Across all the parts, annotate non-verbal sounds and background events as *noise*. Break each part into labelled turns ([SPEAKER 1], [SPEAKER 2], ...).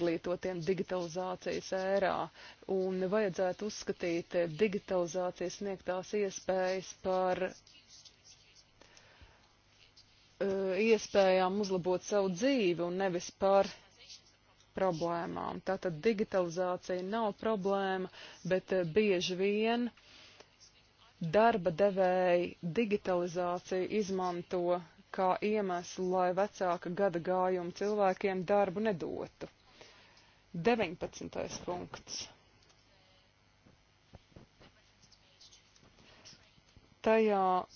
[SPEAKER 1] izglītotiem digitalizācijas ērā un vajadzētu uzskatīt digitalizācijas sniegtās iespējas par uh, iespējām uzlabot savu dzīvi un nevis par problēmām. Tātad digitalizācija nav problēma, bet e, bieži vien darba devēji digitalizāciju izmanto kā iemeslu, lai vecāka gada gājuma cilvēkiem darbu nedotu. 19. punkts. Tajā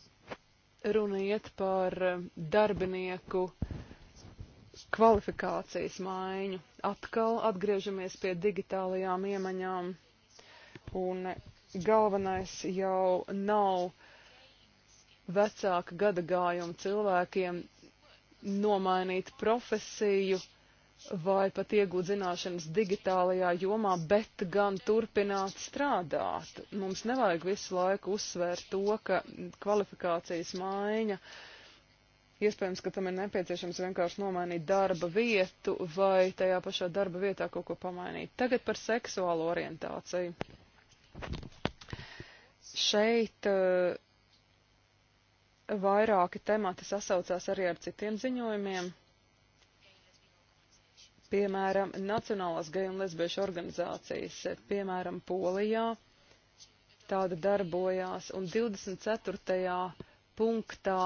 [SPEAKER 1] runa iet par darbinieku kvalifikācijas maiņu. Atkal atgriežamies pie digitālajām iemaņām, un galvenais jau nav vecāka gada gājuma cilvēkiem nomainīt profesiju, vai pat iegūt zināšanas digitālajā jomā, bet gan turpināt strādāt. Mums nevajag visu laiku uzsvērt to, ka kvalifikācijas maiņa, iespējams, ka tam ir nepieciešams vienkārši nomainīt darba vietu vai tajā pašā darba vietā kaut ko pamainīt. Tagad par seksuālo orientāciju. Šeit uh, vairāki temati sasaucās arī ar citiem ziņojumiem. Piemēram, Nacionālās geju un lesbiešu organizācijas, piemēram, Polijā tāda darbojās, un 24. punktā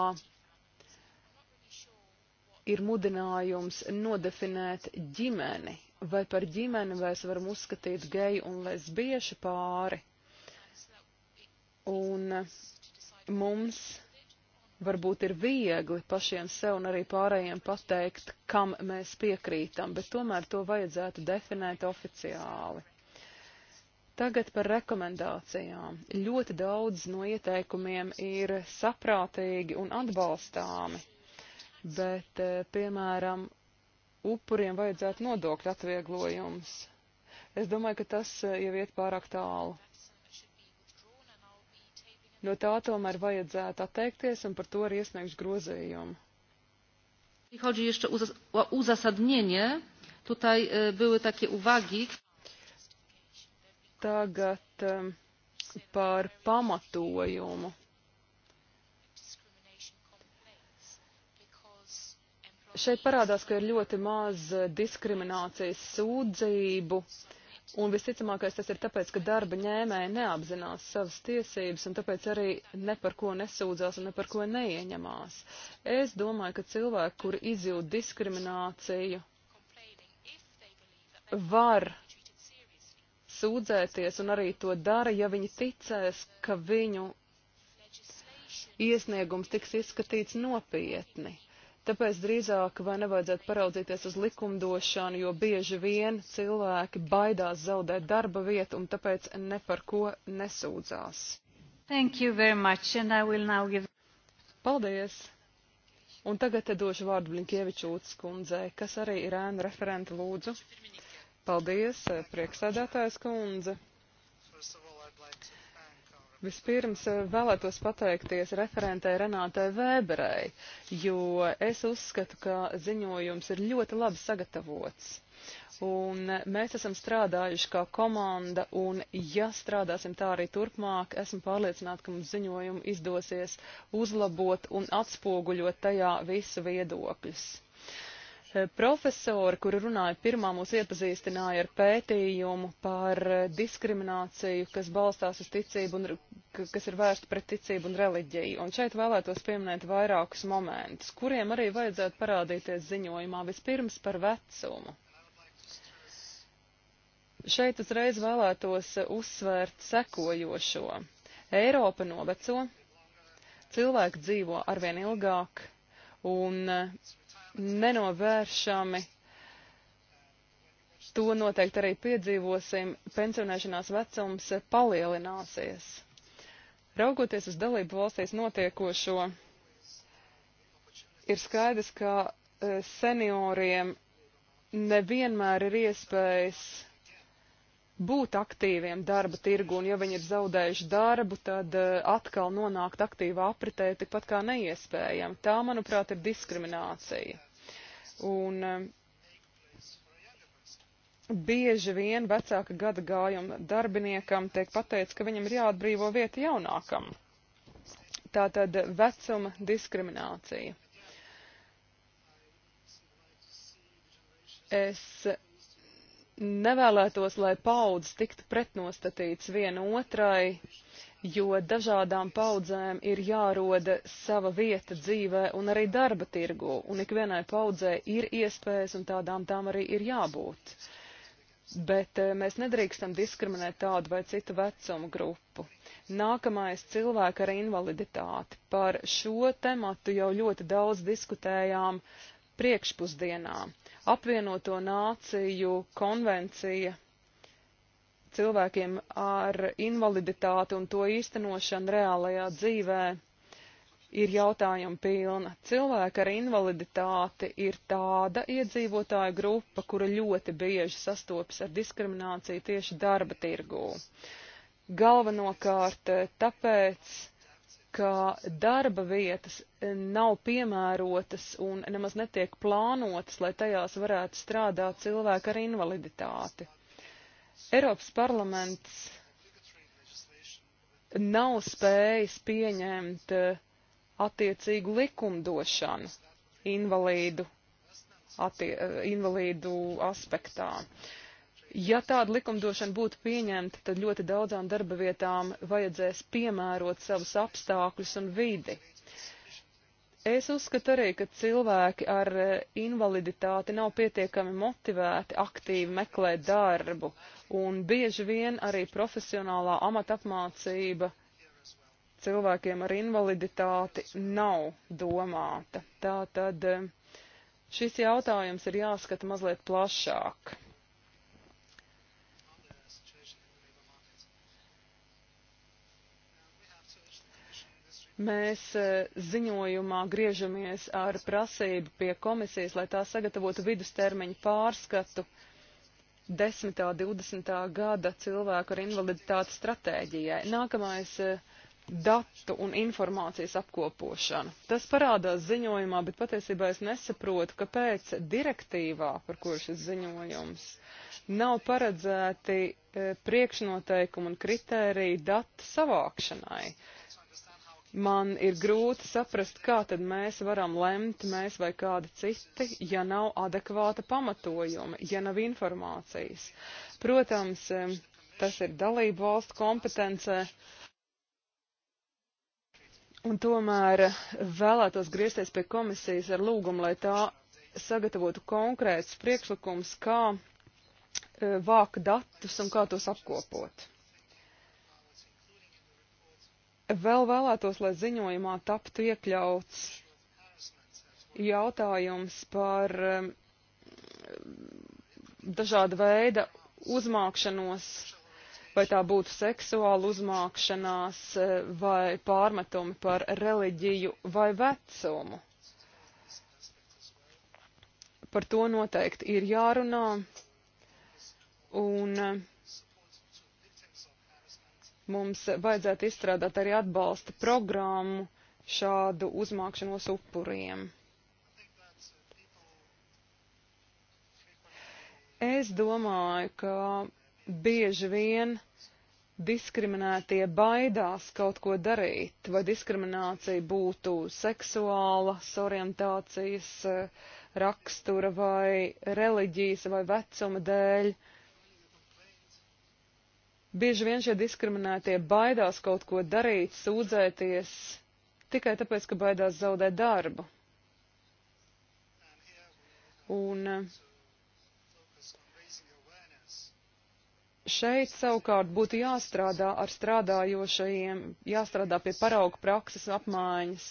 [SPEAKER 1] ir mudinājums nodefinēt ģimeni, vai par ģimeni mēs varam uzskatīt geju un lesbiešu pāri. Un mums varbūt ir viegli pašiem sev un arī pārējiem pateikt, kam mēs piekrītam, bet tomēr to vajadzētu definēt oficiāli. Tagad par rekomendācijām. Ļoti daudz no ieteikumiem ir saprātīgi un atbalstāmi, bet, eh, piemēram, upuriem vajadzētu nodokļu atvieglojums. Es domāju, ka tas eh, jau iet pārāk tālu. No tā tomēr vajadzētu atteikties un par to ir iesniegšu grozījumu. Chodzi jeszcze o uzasadnienie. Tutaj e, były takie uwagi. Tagad e, par pamatojumu. Šeit parādās, ka ir ļoti maz diskriminācijas sūdzību. Uh, Un visticamākais tas ir tāpēc, ka darba ņēmēji neapzinās savas tiesības un tāpēc arī ne par ko nesūdzās un ne par ko neieņemās. Es domāju, ka cilvēki, kuri izjūt diskrimināciju, var sūdzēties un arī to dara, ja viņi ticēs, ka viņu iesniegums tiks izskatīts nopietni. Tāpēc drīzāk vai nevajadzētu paraudzīties uz likumdošanu, jo bieži vien cilvēki baidās zaudēt darba vietu un tāpēc ne par ko nesūdzās. Thank you very much and I will now give. Paldies! Un tagad te došu vārdu Blinkievičūtas kundzei, kas arī ir ēna referenta lūdzu. Paldies, prieksēdētājs kundze! Vispirms eh, vēlētos pateikties referentē Renātai Vēberei, jo es uzskatu, ka ziņojums ir ļoti labi sagatavots. Un mēs esam strādājuši kā komanda, un ja strādāsim tā arī turpmāk, esmu pārliecināta, ka mums ziņojumu izdosies uzlabot un atspoguļot tajā visu viedokļus. Eh, profesori, kuri runāja pirmā, mūs iepazīstināja ar pētījumu par eh, diskrimināciju, kas balstās uz ticību un kas ir vērsta pret ticību un reliģiju. Un šeit vēlētos pieminēt vairākus momentus, kuriem arī vajadzētu parādīties ziņojumā vispirms par vecumu. Šeit uzreiz vēlētos eh, uzsvērt sekojošo. Eiropa noveco, cilvēki dzīvo arvien ilgāk, un nenovēršami. To noteikti arī piedzīvosim. Pensionēšanās vecums palielināsies. Raugoties uz dalību valstīs notiekošo, ir skaidrs, ka eh, senioriem nevienmēr ir iespējas būt aktīviem darba tirgu, un ja viņi ir zaudējuši darbu, tad eh, atkal nonākt aktīvā apritē tikpat kā neiespējami. Tā, manuprāt, ir diskriminācija. Un eh, bieži vien vecāka gada gājuma darbiniekam tiek pateikts, ka viņam ir jāatbrīvo vieta jaunākam. Tātad vecuma diskriminācija. Es nevēlētos, lai paudzes tiktu pretnostatīts viena otrai, jo dažādām paudzēm ir jāroda sava vieta dzīvē un arī darba tirgu, un ikvienai paudzē ir iespējas, un tādām tām arī ir jābūt. Bet eh, mēs nedrīkstam diskriminēt tādu vai citu vecumu grupu. Nākamais - cilvēki ar invaliditāti. Par šo tematu jau ļoti daudz diskutējām priekšpusdienām apvienoto nāciju konvencija cilvēkiem ar invaliditāti un to īstenošanu reālajā dzīvē ir jautājuma pilna. Cilvēki ar invaliditāti ir tāda iedzīvotāja grupa, kura ļoti bieži sastopas ar diskrimināciju tieši darba tirgū. Galvenokārt eh, tāpēc, ka darba vietas nav piemērotas un nemaz netiek plānotas, lai tajās varētu strādāt cilvēki ar invaliditāti. Eiropas parlaments nav spējis pieņemt eh, attiecīgu likumdošanu invalīdu, attie, eh, invalīdu aspektā. Uh, Ja tāda likumdošana būtu pieņemta, tad ļoti daudzām darba vietām vajadzēs piemērot savus apstākļus un vidi. Es uzskatu arī, ka cilvēki ar e, invaliditāti nav pietiekami motivēti aktīvi meklēt darbu, un bieži vien arī profesionālā amatapmācība cilvēkiem ar invaliditāti nav domāta. Tātad e, šis jautājums ir jāskata mazliet plašāk. mēs e, ziņojumā griežamies ar prasību pie komisijas, lai tā sagatavotu vidustermiņu pārskatu 10. 20. gada cilvēku ar invaliditāti stratēģijai. Nākamais e, datu un informācijas apkopošana. Tas parādās ziņojumā, bet patiesībā es nesaprotu, kāpēc direktīvā, par ko šis ziņojums, nav paredzēti e, priekšnoteikumi un kritēriji datu savākšanai. Uh, man ir grūti saprast, kā tad mēs varam lemt, mēs vai kādi citi, ja nav adekvāta pamatojuma, ja nav informācijas. Protams, tas ir dalību valstu kompetence. Un tomēr vēlētos griezties pie komisijas ar lūgumu, lai tā sagatavotu konkrēts priekšlikums, kā eh, vākt datus un kā tos apkopot. Vēl vēlētos, lai ziņojumā taptu iekļauts jautājums par um, dažāda veida uzmākšanos, vai tā būtu seksuāla uzmākšanās, eh, vai pārmetumi par reliģiju vai vecumu. Par to noteikti ir jārunā. Un eh, Mums vajadzētu izstrādāt arī atbalsta programmu šādu uzmākšanos upuriem. Es domāju, ka bieži vien diskriminētie baidās kaut ko darīt, vai diskriminācija būtu seksuālas orientācijas eh, rakstura vai reliģijas vai vecuma dēļ. Uh, Bieži vien šie diskriminētie baidās kaut ko darīt, sūdzēties, tikai tāpēc, ka baidās zaudēt darbu. Un šeit savukārt būtu jāstrādā ar strādājošajiem, jāstrādā pie paraugu prakses apmaiņas,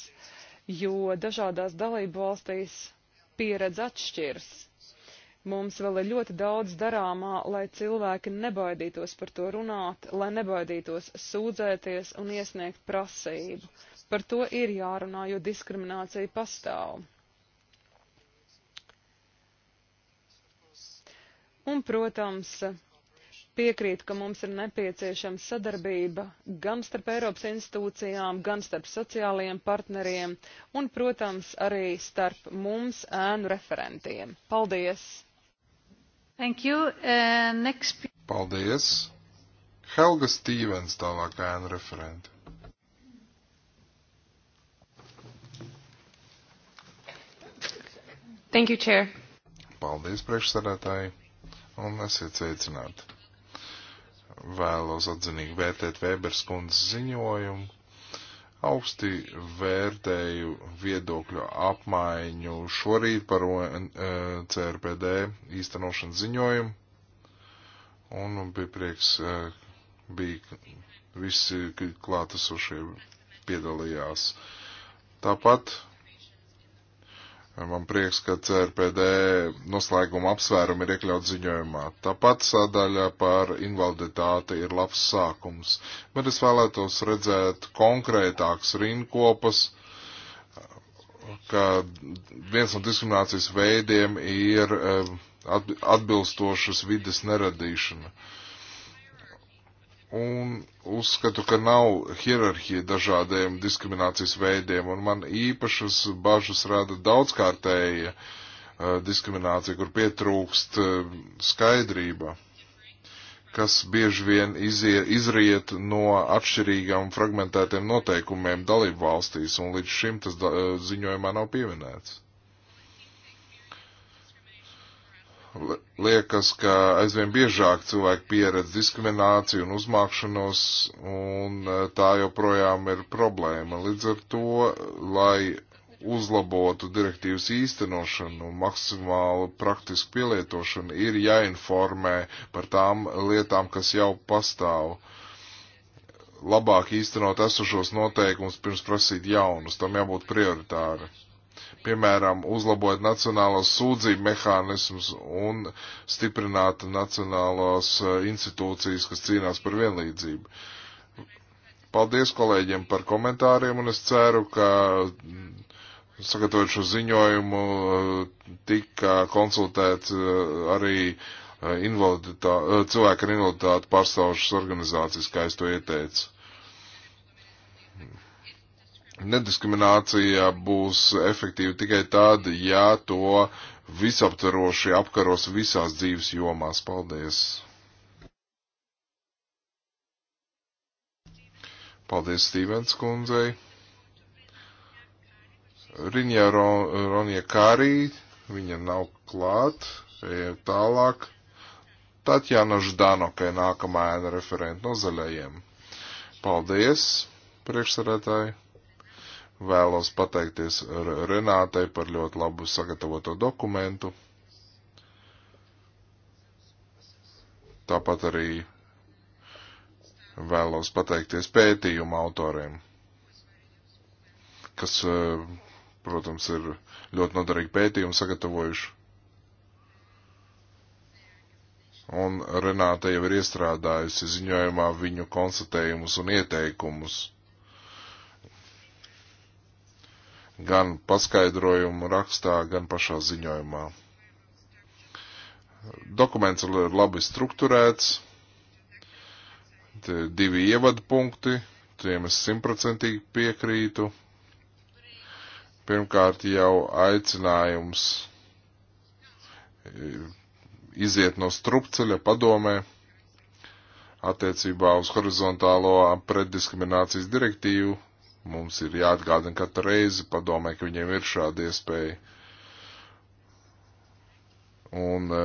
[SPEAKER 1] jo dažādās dalību valstīs pieredze atšķiras. Mums vēl ir ļoti daudz darāmā, lai cilvēki nebaidītos par to runāt, lai nebaidītos sūdzēties un iesniegt prasību. Par to ir jārunā, jo diskriminācija pastāv. Un, protams, piekrītu, ka mums ir nepieciešama sadarbība gan starp Eiropas institūcijām, gan starp sociālajiem partneriem un, protams, arī starp mums ēnu referentiem. Paldies! Thank you. Uh, next...
[SPEAKER 2] Paldies. Helga Stīvens tālāk ēnu referenti. Thank you, Chair. Paldies, priekšsarētāji, un esiet sveicināti. Vēlos atzinīgi vērtēt Vēbers kundzes ziņojumu Augsti vērtēju viedokļu apmaiņu šorīt par CRPD īstenošanas ziņojumu. Un bija prieks, eh, bija visi klātesošie piedalījās. Tāpat Man prieks, ka CRPD noslēguma apsvērumi ir iekļauts ziņojumā. Tāpat sadaļa par invaliditāti ir labs sākums, bet es vēlētos redzēt konkrētāks rinkopas, ka viens no diskriminācijas veidiem ir eh, atbilstošas vides neradīšana. Uh, un uzskatu, ka nav hierarhija dažādiem diskriminācijas veidiem, un man īpašas bažas rada daudzkārtēja uh, diskriminācija, kur pietrūkst uh, skaidrība, kas bieži vien izie, izriet no atšķirīgām fragmentētiem noteikumiem dalību valstīs, un līdz šim tas da, uh, ziņojumā nav pieminēts. liekas, ka aizvien biežāk cilvēki pieredz diskrimināciju un uzmākšanos, un e, tā joprojām ir problēma. Līdz ar to, lai uzlabotu direktīvas īstenošanu un maksimālu praktisku pielietošanu, ir jāinformē par tām lietām, kas jau pastāv. Labāk īstenot esošos noteikumus pirms prasīt jaunus, tam jābūt prioritāri piemēram, uzlabot nacionālos sūdzību mehānismus un stiprināt nacionālās eh, institūcijas, kas cīnās par vienlīdzību. Paldies kolēģiem par komentāriem un es ceru, ka mm, sagatavot šo ziņojumu eh, tika konsultēts eh, arī cilvēku ar invaliditāti pārstāvošas organizācijas, kā es to ieteicu. Nediskriminācija būs efektīva tikai tad, ja to visaptveroši apkaros visās dzīves jomās. Paldies! Paldies Stīvens kundzei! Riņā Ronija Kārī, viņa nav klāt, ejam tālāk. Tatjana Ždanokai nākamā ēna referenta no zaļajiem. Paldies, priekšsarētāji. Vēlos pateikties Renātei par ļoti labu sagatavoto dokumentu. Tāpat arī vēlos pateikties pētījuma autoriem, kas, e, protams, ir ļoti noderīgi pētījumu sagatavojuši. Un Renāte jau ir iestrādājusi ziņojumā viņu konstatējumus un ieteikumus gan paskaidrojumu rakstā, gan pašā ziņojumā. Dokuments ir labi strukturēts, Te divi ievadu punkti, tiem es simtprocentīgi piekrītu. Pirmkārt jau aicinājums iziet no strupceļa padomē attiecībā uz horizontālo preddiskriminācijas direktīvu Mums ir jāatgādina katru reizi padomē, ka viņiem ir šāda iespēja. Un e,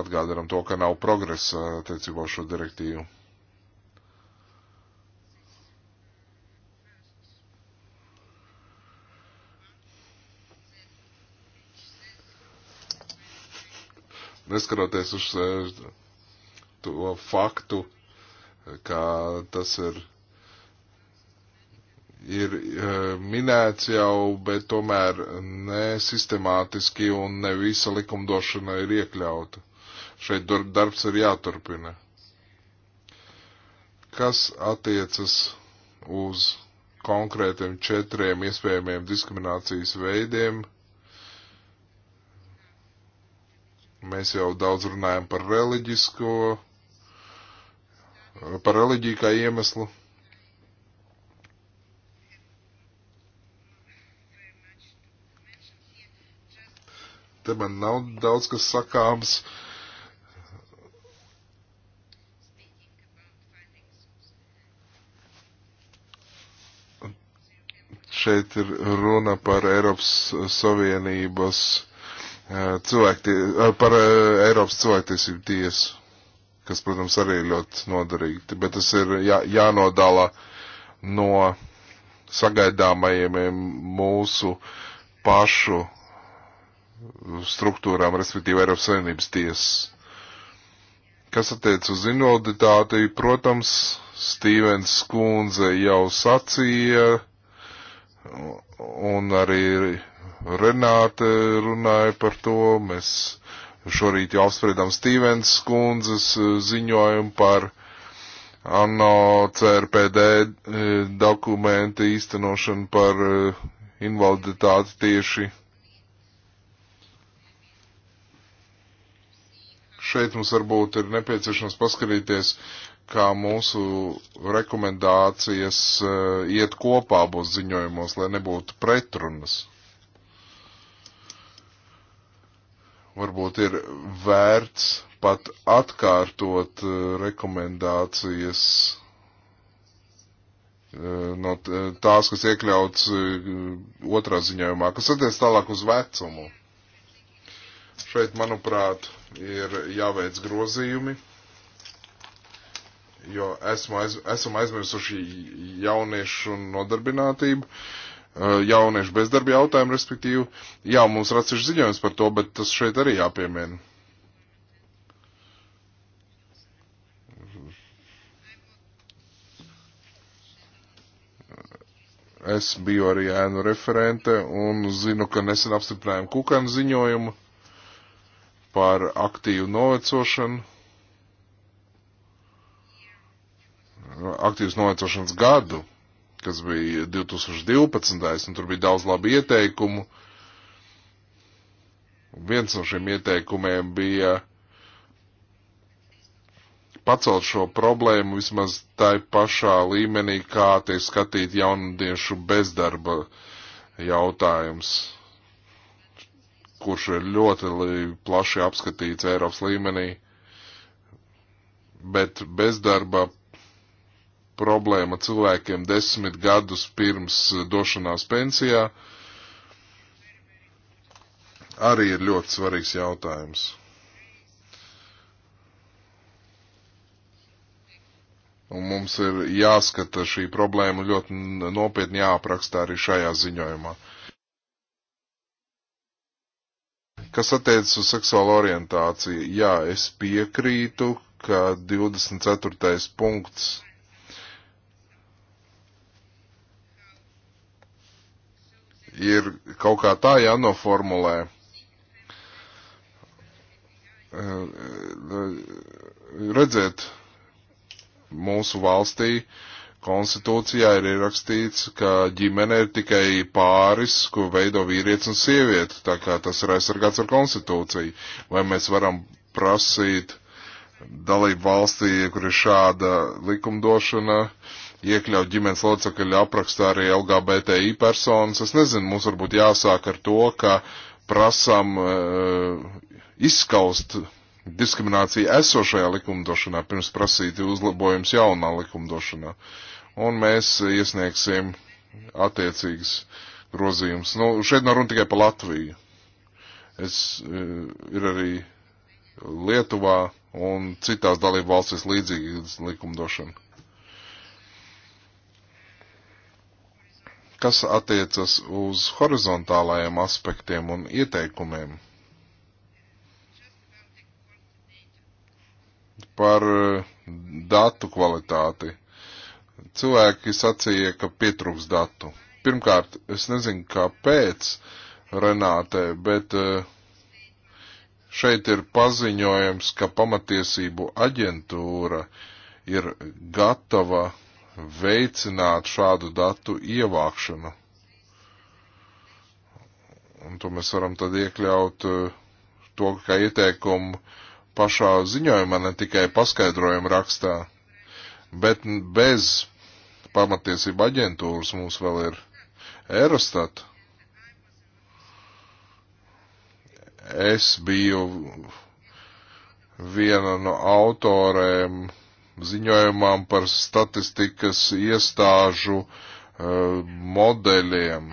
[SPEAKER 2] atgādinam to, ka nav progresa attiecībā uz šo direktīvu. Neskaroties uz e, to faktu, ka tas ir ir e, minēts jau, bet tomēr ne sistemātiski un ne visa likumdošana ir iekļauta. Šeit darbs ir jāturpina. Kas attiecas uz konkrētiem četriem iespējamiem diskriminācijas veidiem? Mēs jau daudz runājam par reliģisko, par reliģiju kā iemeslu. Te man nav daudz kas sakāms. Šeit ir runa par Eiropas Savienības eh, cilvēktie, eh, par eh, Eiropas cilvēktiesību tiesu, kas, protams, arī ir ļoti noderīgi, bet tas ir jā, jānodala no sagaidāmajiem mūsu pašu struktūrām, respektīvi Eiropas Savienības tiesas. Kas attiec uz invaliditāti, protams, Stīvens Kunze jau sacīja, un arī Renāte runāja par to. Mēs šorīt jau apspriedām Stīvens Kunzes eh, ziņojumu par ANO CRPD eh, dokumentu īstenošanu par eh, invaliditāti tieši šeit mums varbūt ir nepieciešams paskatīties, kā mūsu rekomendācijas eh, iet kopā abos ziņojumos, lai nebūtu pretrunas. Varbūt ir vērts pat atkārtot eh, rekomendācijas eh, no tās, kas iekļauts otrā ziņojumā, kas attiec tālāk uz vecumu. Šeit, manuprāt, ir jāveic grozījumi, jo esmu aiz, esam aizmirsuši jauniešu nodarbinātību, eh, jauniešu bezdarbi jautājumu, respektīvi. Jā, mums ir atsevišķi ziņojums par to, bet tas šeit arī jāpiemēna. Es biju arī ēnu referente un zinu, ka nesen apstiprinājām kukanu ziņojumu par aktīvu novecošanu. Aktīvas novecošanas gadu, kas bija 2012. un tur bija daudz labu ieteikumu. Un viens no šiem ieteikumiem bija pacelt šo problēmu vismaz tai pašā līmenī, kā tiek skatīt jaunadiešu bezdarba jautājums kurš ir ļoti plaši apskatīts Eiropas līmenī, bet bezdarba problēma cilvēkiem desmit gadus pirms došanās pensijā arī ir ļoti svarīgs jautājums. Un mums ir jāskata šī problēma ļoti nopietni jāapraksta arī šajā ziņojumā. Kas attiecas uz seksuālu orientāciju, jā, es piekrītu, ka 24. punkts ir kaut kā tā jānoformulē. Redzēt, mūsu valstī uh, Konstitūcijā ir ierakstīts, ka ģimene ir tikai pāris, ko veido vīrietis un sieviete, tā kā tas ir aizsargāts ar konstitūciju. Vai mēs varam prasīt dalību valstī, kur ir šāda likumdošana, iekļaut ģimenes locekļu aprakstā arī LGBTI personas? Es nezinu, mums varbūt jāsāk ar to, ka prasam uh, izskaust diskrimināciju esošajā likumdošanā, pirms prasīt uzlabojums jaunā likumdošanā. Uh, un mēs iesniegsim attiecīgas grozījumus. Nu, šeit nav runa tikai par Latviju. Es, e, ir arī Lietuvā un citās dalību valstīs līdzīga likumdošana. Kas attiecas uz horizontālajiem aspektiem un ieteikumiem? Par e, datu kvalitāti cilvēki sacīja, ka pietrūks datu. Pirmkārt, es nezinu, kāpēc Renāte, bet eh, šeit ir paziņojums, ka pamatiesību aģentūra ir gatava veicināt šādu datu ievākšanu. Un to mēs varam tad iekļaut eh, to, kā ieteikumu pašā ziņojumā, ne tikai paskaidrojumu rakstā bet bez pamatiesība aģentūras mums vēl ir Eurostat. Es biju viena no autorēm ziņojumam par statistikas iestāžu uh, modeļiem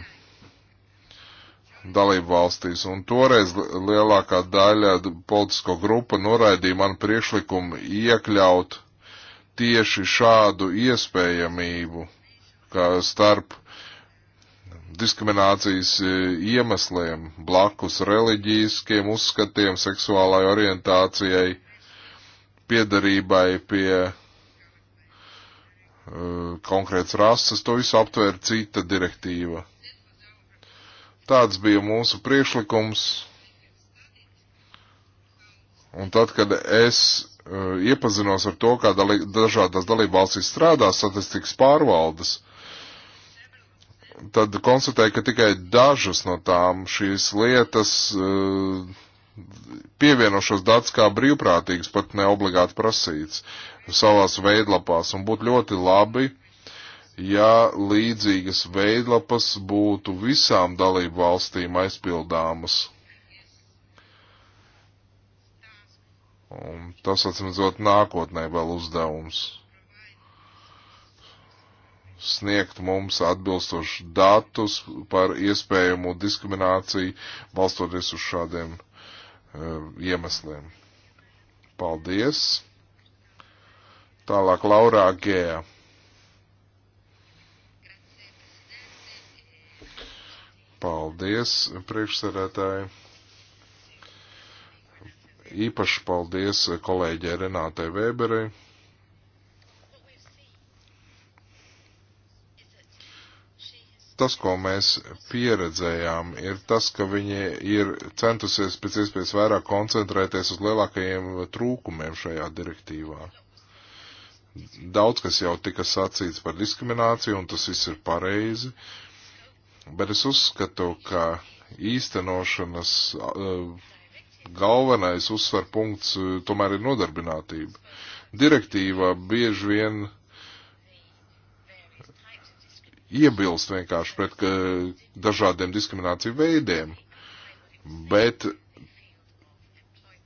[SPEAKER 2] dalību valstīs, un toreiz lielākā daļa politisko grupa noraidīja manu priekšlikumu iekļaut tieši šādu iespējamību, kā starp diskriminācijas e, iemesliem, blakus reliģijiskiem uzskatiem, seksuālai orientācijai, piedarībai pie uh, konkrēts rases, to visu aptvēra cita direktīva. Tāds bija mūsu priekšlikums. Un tad, kad es Eh, iepazinos ar to, kā dalī, dažādās dalībvalstīs strādā statistikas pārvaldes, tad konstatēju, ka tikai dažas no tām šīs lietas eh, pievieno šos datus kā brīvprātīgs, pat ne obligāti prasīts savās veidlapās. Un būtu ļoti labi, ja līdzīgas veidlapas būtu visām dalību valstīm aizpildāmas Un tas, atsimzot, nākotnē vēl uzdevums sniegt mums atbilstošu datus par iespējamo diskrimināciju, balstoties uz šādiem uh, iemesliem. Paldies! Tālāk Laurā Gēja. Paldies, priekšsarētāji! Īpaši paldies kolēģē Renātei Vēberei. Tas, ko mēs pieredzējām, ir tas, ka viņi ir centusies pēc iespējas vairāk koncentrēties uz lielākajiem trūkumiem šajā direktīvā. Daudz, kas jau tika sacīts par diskrimināciju, un tas viss ir pareizi, bet es uzskatu, ka īstenošanas uh, galvenais uzsver punkts eh, tomēr ir nodarbinātība. Direktīvā bieži vien iebilst vienkārši pret ka, eh, dažādiem diskrimināciju veidiem, bet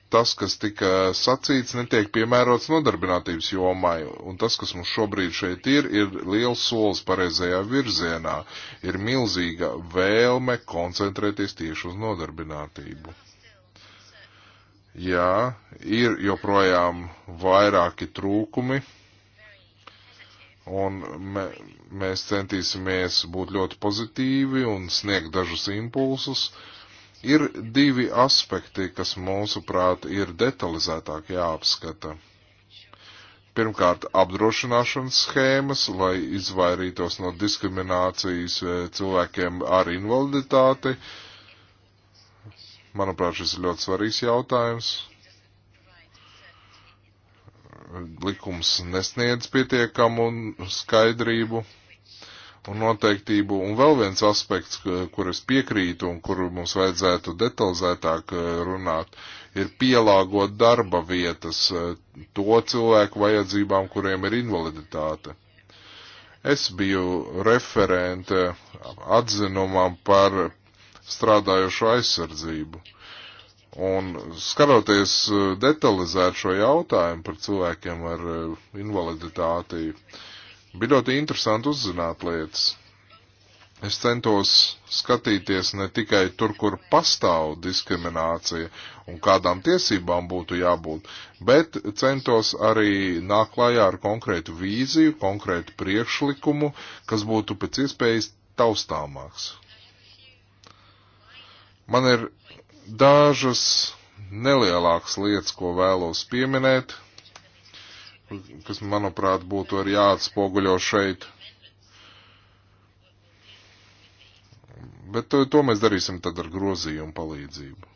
[SPEAKER 2] tas, kas tika sacīts, netiek piemērots nodarbinātības jomai, un tas, kas mums šobrīd šeit ir, ir liels solis pareizajā virzienā, ir milzīga vēlme koncentrēties tieši uz nodarbinātību. Jā, ir joprojām vairāki trūkumi, un me, mēs centīsimies būt ļoti pozitīvi un sniegt dažus impulsus. Ir divi aspekti, kas mūsuprāt ir detalizētāk jāapskata. Pirmkārt, apdrošināšanas schēmas, lai izvairītos no diskriminācijas eh, cilvēkiem ar invaliditāti. Uh, Manuprāt, šis ir ļoti svarīgs jautājums. Likums nesniedz pietiekamu skaidrību un noteiktību. Un vēl viens aspekts, kur es piekrītu un kuru mums vajadzētu detalizētāk e, runāt, ir pielāgot darba vietas e, to cilvēku vajadzībām, kuriem ir invaliditāte. Es biju referente atzinumam par strādājošo aizsardzību. Un skatoties eh, detalizēt šo jautājumu par cilvēkiem ar eh, invaliditāti, bija ļoti interesanti uzzināt lietas. Es centos skatīties ne tikai tur, kur pastāv diskriminācija un kādām tiesībām būtu jābūt, bet centos arī nākt klājā ar konkrētu vīziju, konkrētu priekšlikumu, kas būtu pēc iespējas taustāmāks. Man ir dažas nelielākas lietas, ko vēlos pieminēt, kas, manuprāt, būtu arī jāatspoguļo šeit. Bet to, to mēs darīsim tad ar grozījumu palīdzību.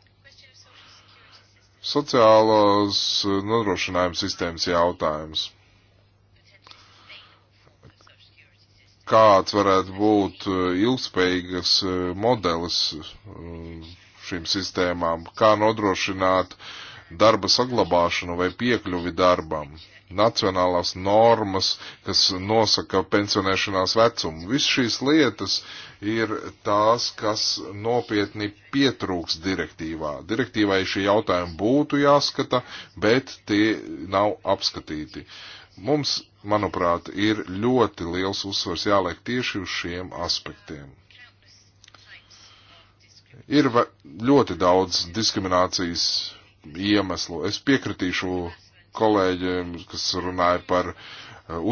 [SPEAKER 2] Sociālās nodrošinājuma sistēmas jautājums. kāds varētu būt uh, ilgspējīgas uh, modelis uh, šīm sistēmām, kā nodrošināt darba saglabāšanu vai piekļuvi darbam, nacionālās normas, kas nosaka pensionēšanās vecumu. Viss šīs lietas ir tās, kas nopietni pietrūks direktīvā. Direktīvai šie jautājumi būtu jāskata, bet tie nav apskatīti. Mums manuprāt, ir ļoti liels uzsvars jāliek tieši uz šiem aspektiem. Ir ļoti daudz diskriminācijas iemeslu. Es piekritīšu kolēģiem, kas runāja par eh,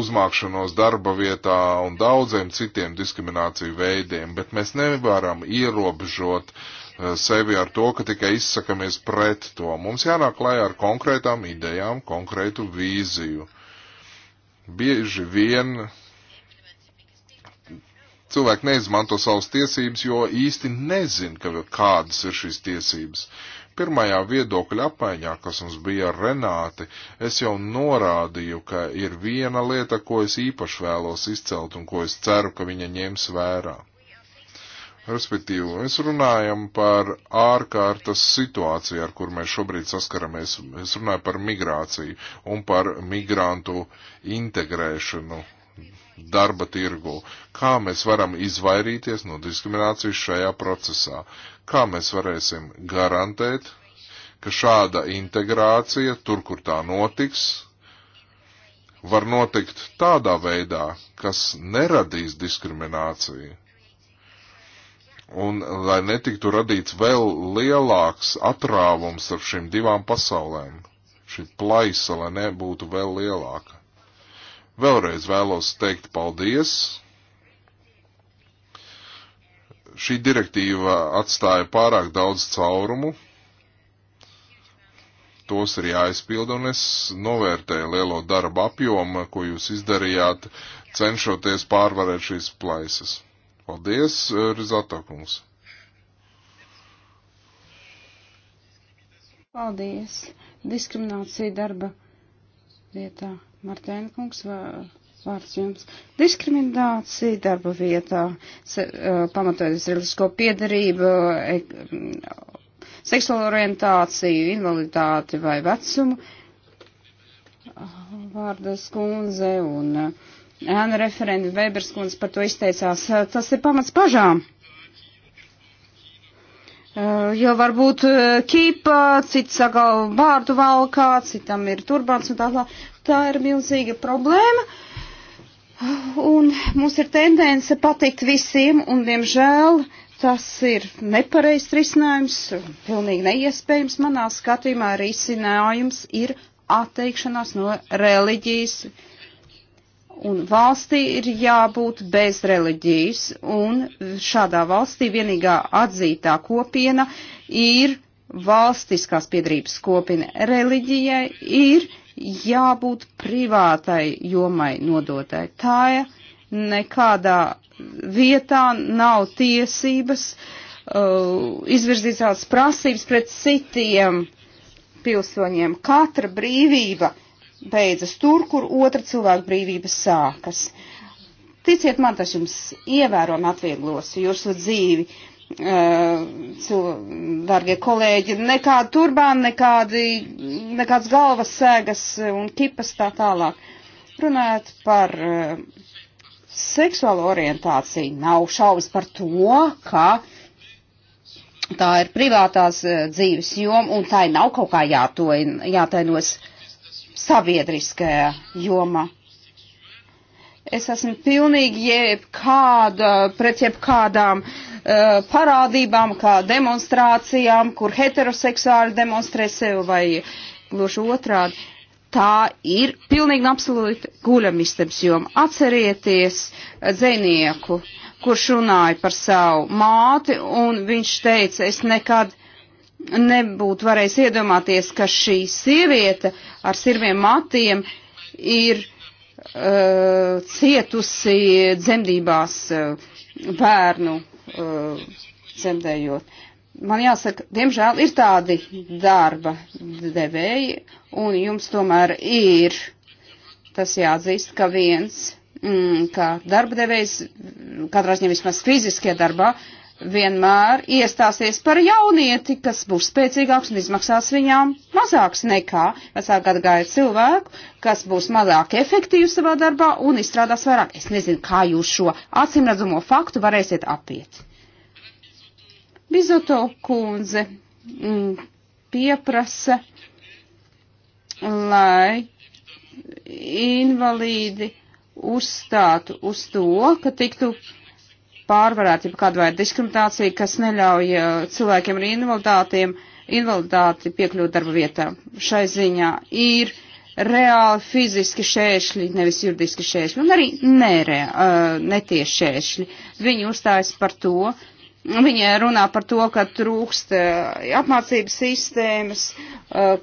[SPEAKER 2] uzmākšanos darba vietā un daudziem citiem diskrimināciju veidiem, bet mēs nevaram ierobežot eh, sevi ar to, ka tikai izsakamies pret to. Mums jānāk klājā ar konkrētām idejām, konkrētu vīziju. Bieži vien cilvēki neizmanto savas tiesības, jo īsti nezin, ka, kādas ir šīs tiesības. Pirmajā viedokļa apmaiņā, kas mums bija ar Renāti, es jau norādīju, ka ir viena lieta, ko es īpaši vēlos izcelt un ko es ceru, ka viņa ņems vērā. Respektīvi, mēs runājam par ārkārtas situāciju, ar kur mēs šobrīd saskaramies. Es runāju par migrāciju un par migrantu integrēšanu darba tirgu. Kā mēs varam izvairīties no diskriminācijas šajā procesā? Kā mēs varēsim garantēt, ka šāda integrācija, tur, kur tā notiks, var notikt tādā veidā, kas neradīs diskrimināciju? un lai netiktu radīts vēl lielāks atrāvums ar šīm divām pasaulēm. Šī plaisa, lai nebūtu vēl lielāka. Vēlreiz vēlos teikt paldies. Šī direktīva atstāja pārāk daudz caurumu. Tos ir jāizpilda, un es novērtēju lielo darbu apjomu, ko jūs izdarījāt, cenšoties pārvarēt šīs plaisas. Paldies, eh, Rizato kungs.
[SPEAKER 3] Paldies. Diskriminācija darba vietā. Martēna kungs, vārds jums. Diskriminācija darba vietā, se, uh, eh, pamatojoties reliģisko piedarību, e, mm, seksuālo orientāciju, invaliditāti vai vecumu. Ah, vārdas kundze un uh, Ēna referenti Weberskundze par to izteicās. Eh, tas ir pamats pažām. Eh, jo varbūt kīpa, eh, cits saka vārdu valkā, citam ir turbāns un tā tālāk. Tā ir milzīga problēma. Un mums ir tendence patikt visiem, un, diemžēl, tas ir nepareizs risinājums, pilnīgi neiespējams. Manā skatījumā risinājums ir atteikšanās no reliģijas Un valstī ir jābūt bez reliģijas, un šādā valstī vienīgā atzītā kopiena ir valstiskās piedrības kopiena. Reliģijai ir jābūt privātai jomai nodotai. Tā nekādā vietā nav tiesības uh, izvirzīt savas prasības pret citiem pilsoņiem. Katra brīvība beidzas tur, kur otra cilvēka brīvības sākas. Ticiet man, tas jums ievērojami atvieglos jūsu dzīvi, uh, darbie kolēģi, nekāda turbāna, nekādi, nekāds galvas sēgas un kipas tā tālāk. Runājot par uh, seksuālo orientāciju, nav šaubas par to, ka tā ir privātās uh, dzīves joma un tai nav kaut kā jāto, jātainos. Uh, sabiedriskajā jomā. Es esmu pilnīgi jebkāda, pret jebkādām uh, parādībām, kā demonstrācijām, kur heteroseksuāli demonstrē sevi vai gluži otrādi. Tā ir pilnīgi un absolūti guļamistabs joma. Atcerieties dzinieku, kurš runāja par savu māti, un viņš teica, es nekad nebūtu varējis iedomāties, ka šī sieviete ar sirviem matiem ir uh, cietusi dzemdībās uh, bērnu uh, dzemdējot. Man jāsaka, diemžēl ir tādi darba devēji, un jums tomēr ir tas jāatzīst, ka viens, mm, ka darba devējs, katrā ziņā vismaz fiziskajā darbā, uh, vienmēr iestāsies par jaunieti, kas būs spēcīgāks un izmaksās viņām mazāks nekā vecāku gadu gāju cilvēku, kas būs mazāk efektīvs savā darbā un izstrādās vairāk. Es nezinu, kā jūs šo acīmredzamo faktu varēsiet apiet. Bizoto kundze m, mm, pieprasa, lai invalīdi uzstātu uz to, ka tiktu pārvarēt jau kādu vai diskrimināciju, kas neļauj uh, cilvēkiem ar invaliditātiem, invaliditāti piekļūt darba vietā. Šai ziņā ir reāli fiziski šēršļi, nevis juridiski šēršļi, un arī nerē, uh, netieši šēršļi. Viņi uzstājas par to, Viņi runā par to, ka trūkst uh, apmācības sistēmas,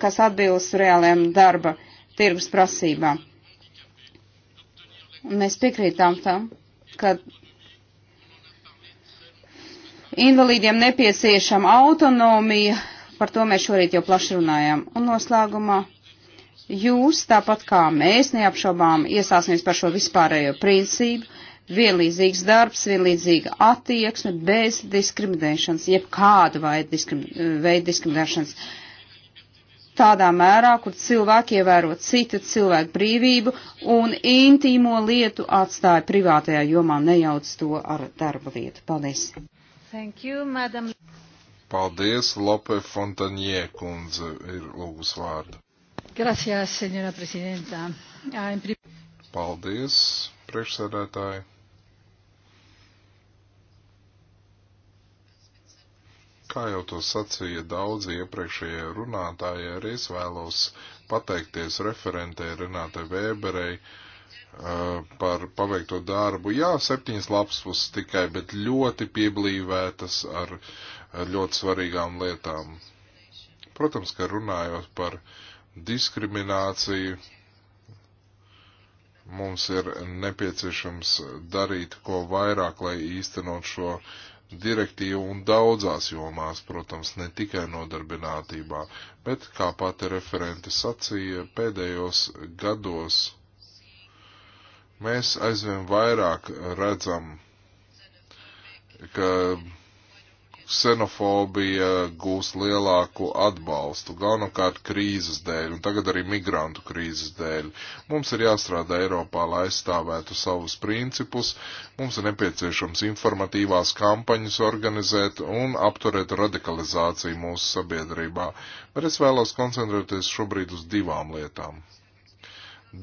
[SPEAKER 3] kas atbilst reāliem darba tirgus prasībām. Mēs piekrītām tam, ka Invalīdiem nepieciešama autonomija, par to mēs šorīt jau plaši runājām. Un noslēgumā jūs, tāpat kā mēs, neapšaubām iestāsimies par šo vispārējo principu, vienlīdzīgs darbs, vienlīdzīga attieksme bez diskriminēšanas, jeb kādu veidu diskrim, diskriminēšanas. Tādā mērā, kur cilvēki ievēro citu cilvēku brīvību un intīmo lietu atstāja privātajā jomā, nejauc to ar darba vietu. Paldies!
[SPEAKER 1] Thank you, madam.
[SPEAKER 2] Paldies, Lope Fontanie kundze ir lūgus vārdu.
[SPEAKER 3] Gracias, senora prezidenta. Ah,
[SPEAKER 2] Paldies, priekšsēdētāji. kā jau to sacīja daudzi iepriekšējie runātāji, arī es vēlos pateikties referentē Renāte Vēberei par paveikto darbu. Jā, septiņas lapspuses tikai, bet ļoti pieblīvētas ar ļoti svarīgām lietām. Protams, ka runājot par diskrimināciju, mums ir nepieciešams darīt ko vairāk, lai īstenot šo direktīvu un daudzās jomās, protams, ne tikai nodarbinātībā, bet, kā pati referente sacīja, pēdējos gados Mēs aizvien vairāk redzam, ka ksenofobija gūs lielāku atbalstu, galvenokārt krīzes dēļ, un tagad arī migrantu krīzes dēļ. Mums ir jāstrādā Eiropā, lai aizstāvētu savus principus, mums ir nepieciešams informatīvās kampaņas organizēt un apturēt radikalizāciju mūsu sabiedrībā, bet es vēlos koncentrēties šobrīd uz divām lietām.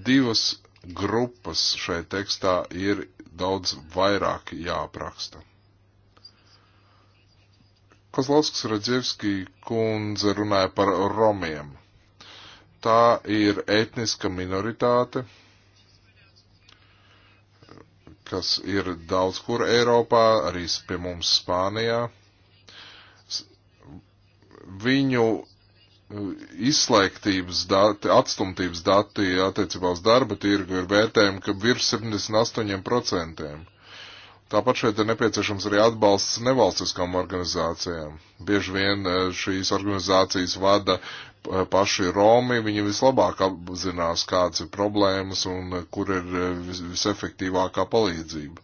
[SPEAKER 2] Divas grupas šai tekstā ir daudz vairāk jāapraksta. Kozlovskis Radzievski kundze runāja par romiem. Tā ir etniska minoritāte, kas ir daudz kur Eiropā, arī pie mums Spānijā. Viņu izslēgtības dati, atstumtības dati attiecībā uz darba tirgu ir vērtējumi, ka virs 78%. Tāpat šeit ir nepieciešams arī atbalsts nevalstiskām organizācijām. Bieži vien e, šīs organizācijas vada e, paši Romi, viņi vislabāk apzinās, kāds ir problēmas un e, kur ir visefektīvākā palīdzība.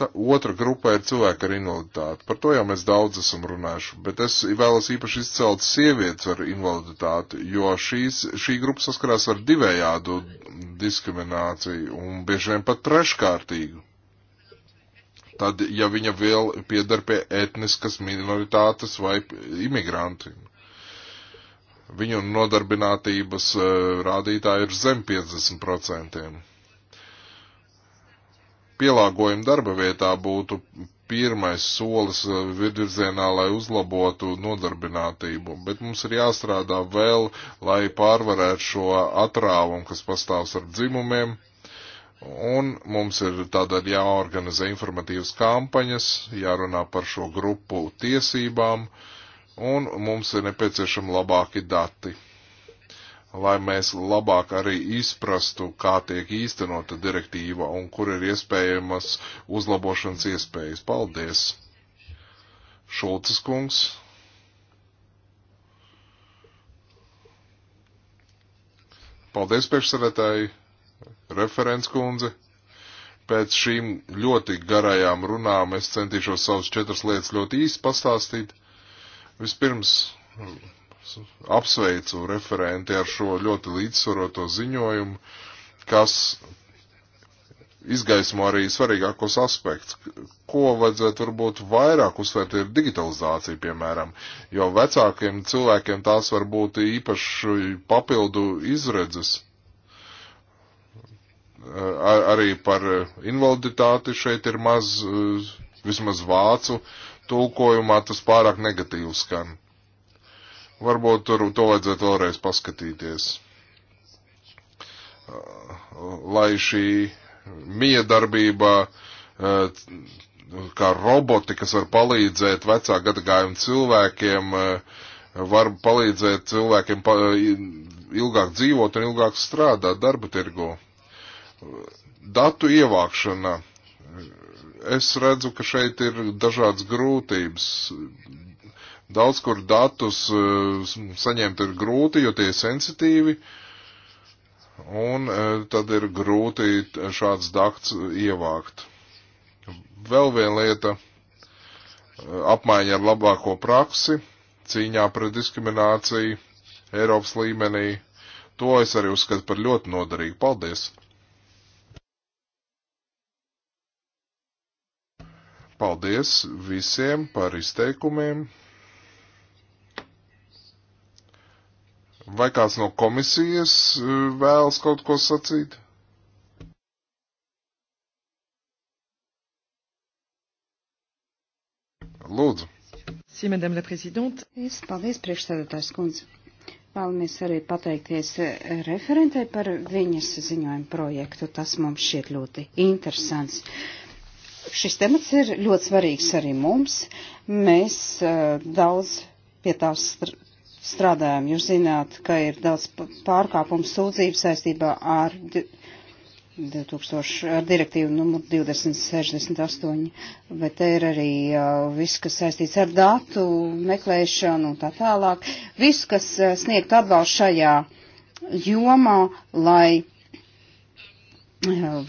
[SPEAKER 2] Ta, otra grupa ir cilvēki ar invaliditāti. Par to jau mēs daudz esam runājuši, bet es vēlos īpaši izcelt sievietes ar invaliditāti, jo šīs, šī grupa saskarās ar divējādu diskrimināciju un bieži vien pat treškārtīgu. Tad, ja viņa vēl piedar pie etniskas minoritātes vai imigrantiem, viņu nodarbinātības eh, rādītāji ir zem 50% pielāgojumi darba vietā būtu pirmais solis eh, virzienā, lai uzlabotu nodarbinātību, bet mums ir jāstrādā vēl, lai pārvarētu šo atrāvumu, kas pastāv ar dzimumiem, un mums ir tādēļ jāorganizē informatīvas kampaņas, jārunā par šo grupu tiesībām, un mums ir nepieciešami labāki dati lai mēs labāk arī izprastu, kā tiek īstenota direktīva un kur ir iespējamas uzlabošanas iespējas. Paldies! Šulcis kungs. Paldies, priekšsarētāji, referents kundze. Pēc šīm ļoti garajām runām es centīšos savus četras lietas ļoti īsti pastāstīt. Vispirms apsveicu referenti ar šo ļoti līdzsvaroto ziņojumu, kas izgaismo arī svarīgākos aspektus. Ko vajadzētu varbūt vairāk uzsvērt ir digitalizācija, piemēram, jo vecākiem cilvēkiem tās var būt īpaši papildu izredzes. Ar, arī par invaliditāti šeit ir maz, vismaz vācu tulkojumā tas pārāk negatīvs skan. Varbūt tur to vajadzētu vēlreiz paskatīties. Uh, lai šī miedarbība, uh, kā roboti, kas var palīdzēt vecā gadagājuma cilvēkiem, uh, var palīdzēt cilvēkiem ilgāk dzīvot un ilgāk strādāt darba tirgu. Datu ievākšana. Es redzu, ka šeit ir dažādas grūtības Daudz, kur datus eh, saņemt ir grūti, jo tie ir sensitīvi, un eh, tad ir grūti šāds dakts ievākt. Vēl viena lieta eh, - apmaiņa ar labāko praksi, cīņā pret diskrimināciju Eiropas līmenī. To es arī uzskatu par ļoti noderīgu. Paldies! Paldies visiem par izteikumiem! Vai kāds no komisijas e, vēlas kaut ko sacīt? Lūdzu.
[SPEAKER 3] Si, madame la présidente. Es paldies priekšstādātājs kundze. Vēlamies arī pateikties e, referentei par viņas ziņojumu projektu. Tas mums šķiet ļoti interesants. Šis temats ir ļoti svarīgs arī mums. Mēs uh, daudz pie tās strādājam strādājam. Jūs zināt, ka ir daudz pārkāpumu sūdzību saistībā ar 2000 ar direktīvu numur 2068, bet te ir arī uh, viss, kas saistīts ar datu meklēšanu un tā tālāk. Viss, kas uh, sniegt atbalstu šajā jomā, lai uh,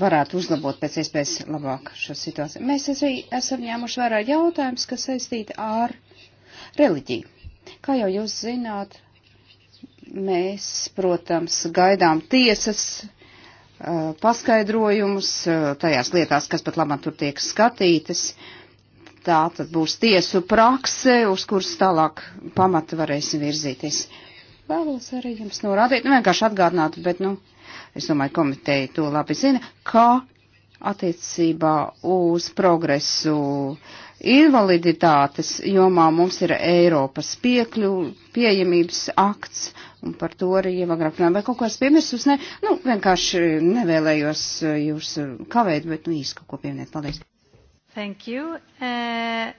[SPEAKER 3] varētu uzlabot pēc iespējas labāk šo situāciju. Mēs arī esam ņēmuši vērā jautājumus, kas saistīti ar reliģiju. Kā jau jūs zināt, mēs, protams, gaidām tiesas uh, paskaidrojumus uh, tajās lietās, kas pat labāk tur tiek skatītas. Tā tad būs tiesu prakse, uz kuras tālāk pamata varēsim virzīties. Vēlos arī jums norādīt, nu vienkārši atgādināt, bet, nu, es domāju, komiteja to labi zina, kā attiecībā uz progresu uh, invaliditātes jomā mums ir Eiropas piekļu, pieejamības akts, un par to arī jau agrāk runājām. Vai kaut ko es piemirstu? Ne, nu, vienkārši nevēlējos eh, jūs eh, kavēt, bet nu īsti kaut ko pieminēt. Paldies. Thank you. Uh...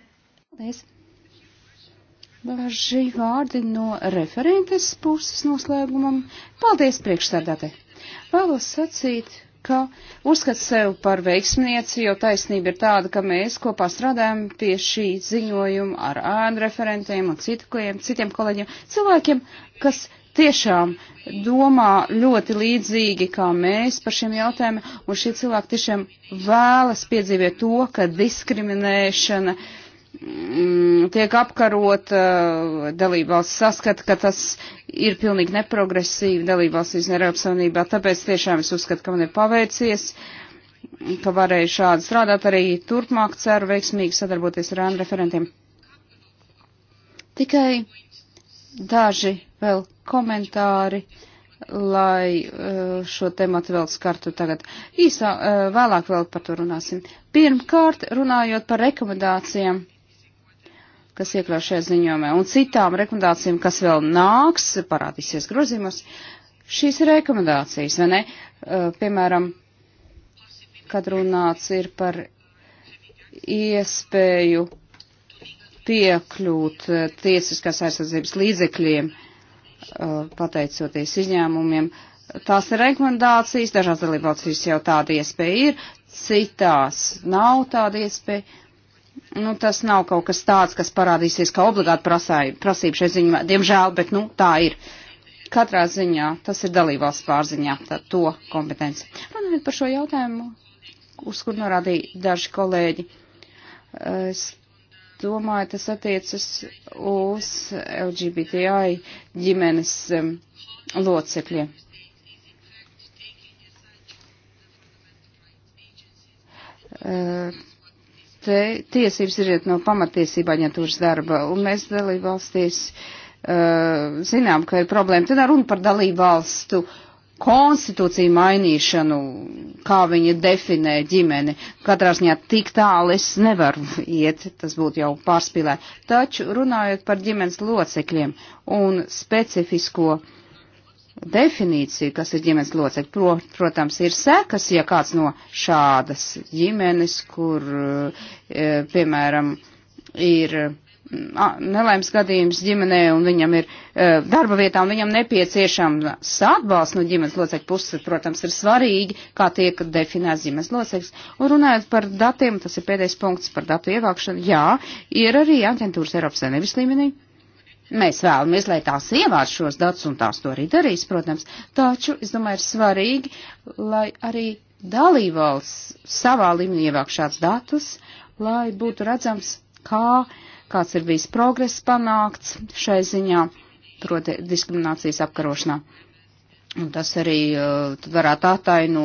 [SPEAKER 3] Paldies. Daži vārdi no referentes puses noslēgumam. Paldies priekšstādātē. Vēlos sacīt, ka uzskat sev par veiksmnieci, jo taisnība ir tāda, ka mēs kopā strādājam pie šī ziņojuma ar ēnu referentiem un citiem, citiem kolēģiem, cilvēkiem, kas tiešām domā ļoti līdzīgi kā mēs par šiem jautājumiem, un šie cilvēki tiešām vēlas piedzīvot to, ka diskriminēšana uh, Mm, tiek apkarota eh, dalībvalsts saskata, ka tas ir pilnīgi neprogresīvi dalībvalstīs un Eiropas Savienībā. Tāpēc tiešām es uzskatu, ka man ir paveicies, ka varēju šādi strādāt arī turpmāk, ceru veiksmīgi sadarboties ar ANU referentiem. Tikai daži vēl komentāri lai eh, šo tematu vēl skartu tagad. Īsā, eh, vēlāk vēl par to runāsim. Pirmkārt, runājot par rekomendācijām kas iekļaus šajā ziņojumā, un citām rekomendācijām, kas vēl nāks, parādīsies grozījumos, šīs ir rekomendācijas, vai ne? Uh, piemēram, kad runāts ir par iespēju piekļūt uh, tiesiskās aizsardzības līdzekļiem, uh, pateicoties izņēmumiem. Tās ir rekomendācijas, dažās dalībvalstīs jau tāda iespēja ir, citās nav tāda iespēja. Nu, tas nav kaut kas tāds, kas parādīsies kā obligāti prasāja, prasība šai ziņā. Diemžēl, bet nu, tā ir. Katrā ziņā tas ir dalībvalsts pārziņā, tā to kompetence. Runājot par šo jautājumu, uz kur norādīja daži kolēģi, es domāju, tas attiecas uz LGBTI ģimenes um, locekļiem. Uh, te tiesības ir no pamatiesība aģentūras darba, un mēs dalību valstīs uh, eh, zinām, ka ir problēma. Tad runa par dalību valstu konstitūciju mainīšanu, kā viņa definē ģimeni. Katrā ziņā tik tālu es nevaru iet, tas būtu jau pārspīlē. Taču runājot par ģimenes locekļiem un specifisko uh, definīciju, kas ir ģimenes locekļi. Pro, protams, ir sekas, ja kāds no šādas ģimenes, kur, e, piemēram, ir mm, nelēms gadījums ģimenē un viņam ir e, darba vietā un viņam nepieciešams atbalsts no ģimenes locekļa puses, protams, ir svarīgi, kā tiek definēts ģimenes loceklis. Un runājot par datiem, tas ir pēdējais punkts par datu ievākšanu, jā, ir arī aģentūras Eiropas Savienības līmenī Mēs vēlamies, lai tās ievāc šos datus, un tās to arī darīs, protams, taču, es domāju, ir svarīgi, lai arī dalībvalsts savā līmenī ievāk šāds datus, lai būtu redzams, kā, kāds ir bijis progress panākts šai ziņā, proti diskriminācijas apkarošanā. Un tas arī uh, varētu ataino,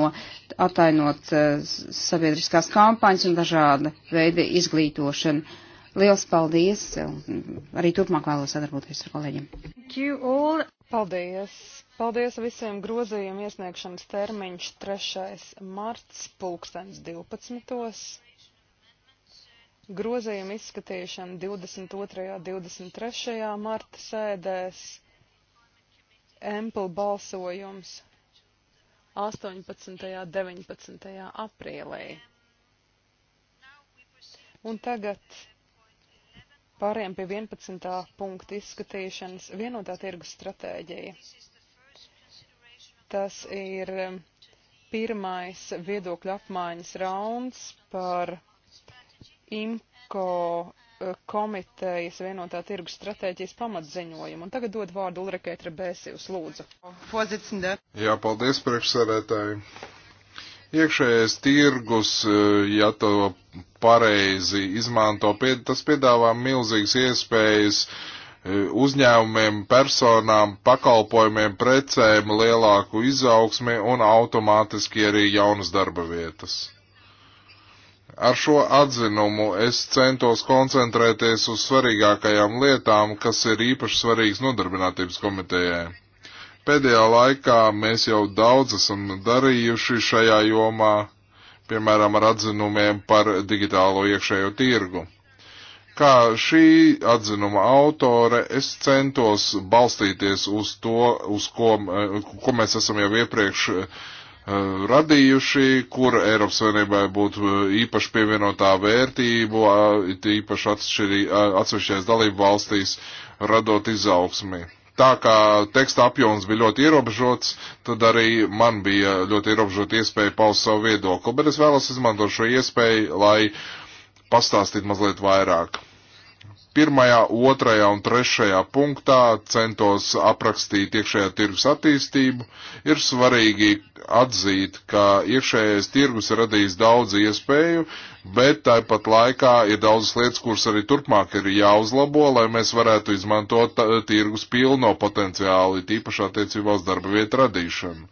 [SPEAKER 3] atainot uh, sabiedriskās kampaņas un dažāda veida izglītošanu. Liels paldies! Arī turpmāk vēlos sadarboties ar kolēģiem.
[SPEAKER 1] Paldies! Paldies visiem grozījumu iesniegšanas termiņš 3. marts 2012. Grozījuma izskatīšana 22. 23. marta sēdēs. Empel balsojums 18. 19. aprīlī. Un tagad Pāriem pie 11. punkta izskatīšanas vienotā tirgus stratēģija. Tas ir um, pirmais viedokļu apmaiņas rauns par IMCO uh, komitejas vienotā tirgus stratēģijas pamatziņojumu. Un tagad dod vārdu Ulrikai Trebēsijus, lūdzu.
[SPEAKER 2] Jā, paldies priekšsarētāji. Iekšējais tirgus, eh, ja to pareizi izmanto, tas piedāvā milzīgas iespējas eh, uzņēmumiem, personām, pakalpojumiem, precēm, lielāku izaugsmi un automātiski arī jaunas darba vietas. Ar šo atzinumu es centos koncentrēties uz svarīgākajām lietām, kas ir īpaši svarīgas nodarbinātības komitejai Pēdējā laikā mēs jau daudz esam darījuši šajā jomā, piemēram, ar atzinumiem par digitālo iekšējo tirgu. Kā šī atzinuma autore, es centos balstīties uz to, uz ko, ko mēs esam jau iepriekš uh, radījuši, kur Eiropas Savienībai būtu eh, īpaši pievienotā vērtība, īpaši atsevišķās dalību valstīs radot izaugsmī tā kā teksta apjoms bija ļoti ierobežots, tad arī man bija ļoti ierobežota iespēja paust savu viedokli, bet es vēlos izmantot šo iespēju, lai pastāstītu mazliet vairāk. Pirmajā, otrajā un trešajā punktā centos aprakstīt iekšējā tirgus attīstību. Ir svarīgi atzīt, ka iekšējais tirgus ir radījis daudz iespēju, bet tāpat laikā ir daudzas lietas, kuras arī turpmāk ir jāuzlabo, lai mēs varētu izmantot tirgus pilno potenciāli, tīpaši attiecībā uz darba vietu radīšanu.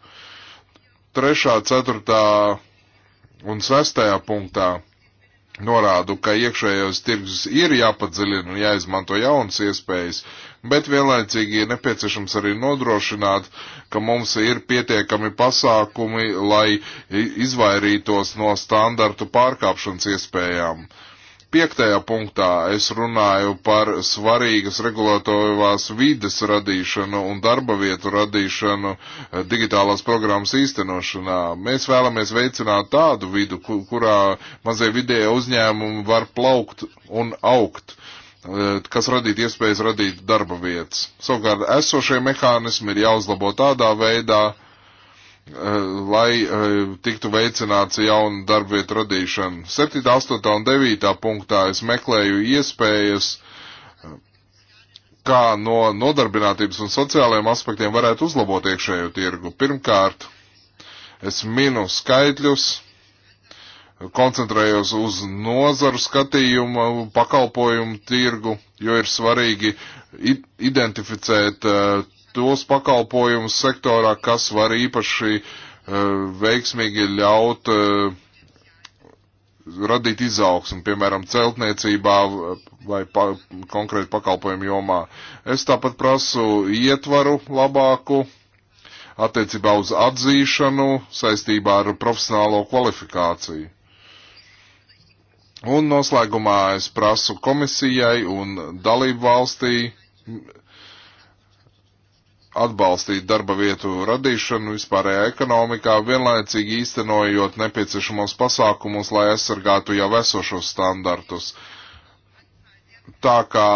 [SPEAKER 2] Trešā, ceturtā un sestajā punktā norādu, ka iekšējos tirgus ir jāpadziļina un jāizmanto jaunas iespējas, bet vienlaicīgi ir nepieciešams arī nodrošināt, ka mums ir pietiekami pasākumi, lai izvairītos no standartu pārkāpšanas iespējām. Uh, piektajā punktā es runāju par svarīgas regulatorivās vides radīšanu un darba vietu radīšanu eh, digitālās programmas īstenošanā. Mēs vēlamies veicināt tādu vidu, kurā mazie vidēja uzņēmumi var plaukt un augt eh, kas radītu iespējas radīt darba vietas. Savukārt esošie mehānismi ir jāuzlabo tādā veidā, uh, Eh, lai eh, tiktu veicināts jaunu darbvietu radīšana. 7, 8 un 9 punktā es meklēju iespējas, kā no nodarbinātības un sociālajiem aspektiem varētu uzlabot iekšējo tirgu. Pirmkārt, es minu skaitļus, koncentrējos uz nozaru skatījumu, pakalpojumu tirgu, jo ir svarīgi identificēt uh, tos pakalpojumus sektorā, kas var īpaši eh, veiksmīgi ļaut eh, radīt izaugsmu, piemēram, celtniecībā vai pa, konkrēti pakalpojumu jomā. Es tāpat prasu ietvaru labāku attiecībā uz atzīšanu saistībā ar profesionālo kvalifikāciju. Un noslēgumā es prasu komisijai un dalību valstī atbalstīt darba vietu radīšanu vispārējā ekonomikā, vienlaicīgi īstenojot nepieciešamos pasākumus, lai aizsargātu jau esošos standartus. Uh, tā kā,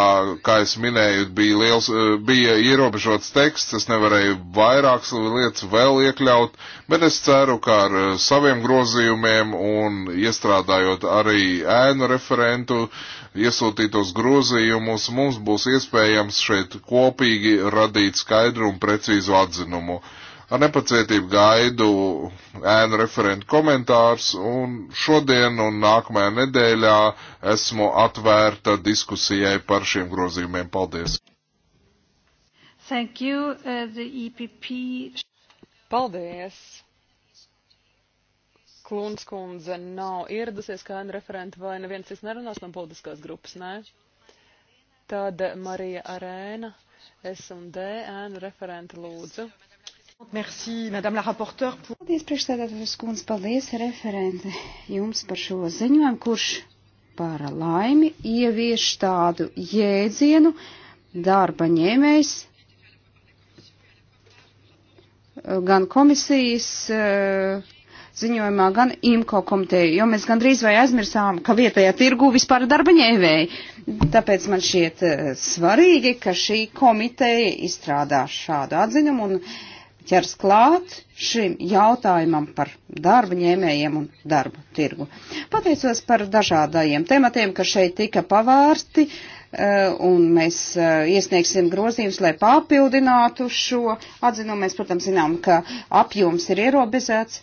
[SPEAKER 2] kā es minēju, bija, liels, eh, bija ierobežots teksts, es nevarēju vairākas lietas vēl iekļaut, bet es ceru, ka ar eh, saviem grozījumiem un iestrādājot arī ēnu referentu iesūtītos grozījumus, mums būs iespējams šeit kopīgi radīt skaidru un precīzu atzinumu. Uh, Ar nepacietību gaidu ēnu referentu komentārs un šodien un nākamajā nedēļā esmu atvērta diskusijai par šiem grozījumiem. Paldies!
[SPEAKER 1] Thank you, uh, the EPP. Paldies! Klūns kundze nav ieradusies kā ēnu referenta vai neviens cits nerunās no politiskās grupas, nē? Tad Marija Arēna, S&D ēnu referenta lūdzu. Merci,
[SPEAKER 3] madame la rapporteur. Pour... Paldies, priekšsēdētājas kundze, paldies referente jums par šo ziņojumu, kurš par laimi ievieš tādu jēdzienu darba ņēmējs gan komisijas eh, ziņojumā, gan IMCO komiteju, jo mēs gandrīz vai aizmirsām, ka vietējā tirgu vispār darba ņēvēji. Tāpēc man šķiet eh, svarīgi, ka šī komiteja izstrādā šādu atziņumu un uh, ķers klāt šim jautājumam par darba ņēmējiem un darba tirgu. Pateicos par dažādajiem tematiem, kas šeit tika pavārsti, eh, un mēs eh, iesniegsim grozījumus, lai papildinātu šo atzinumu. Mēs, protams, zinām, ka apjoms ir ierobežēts.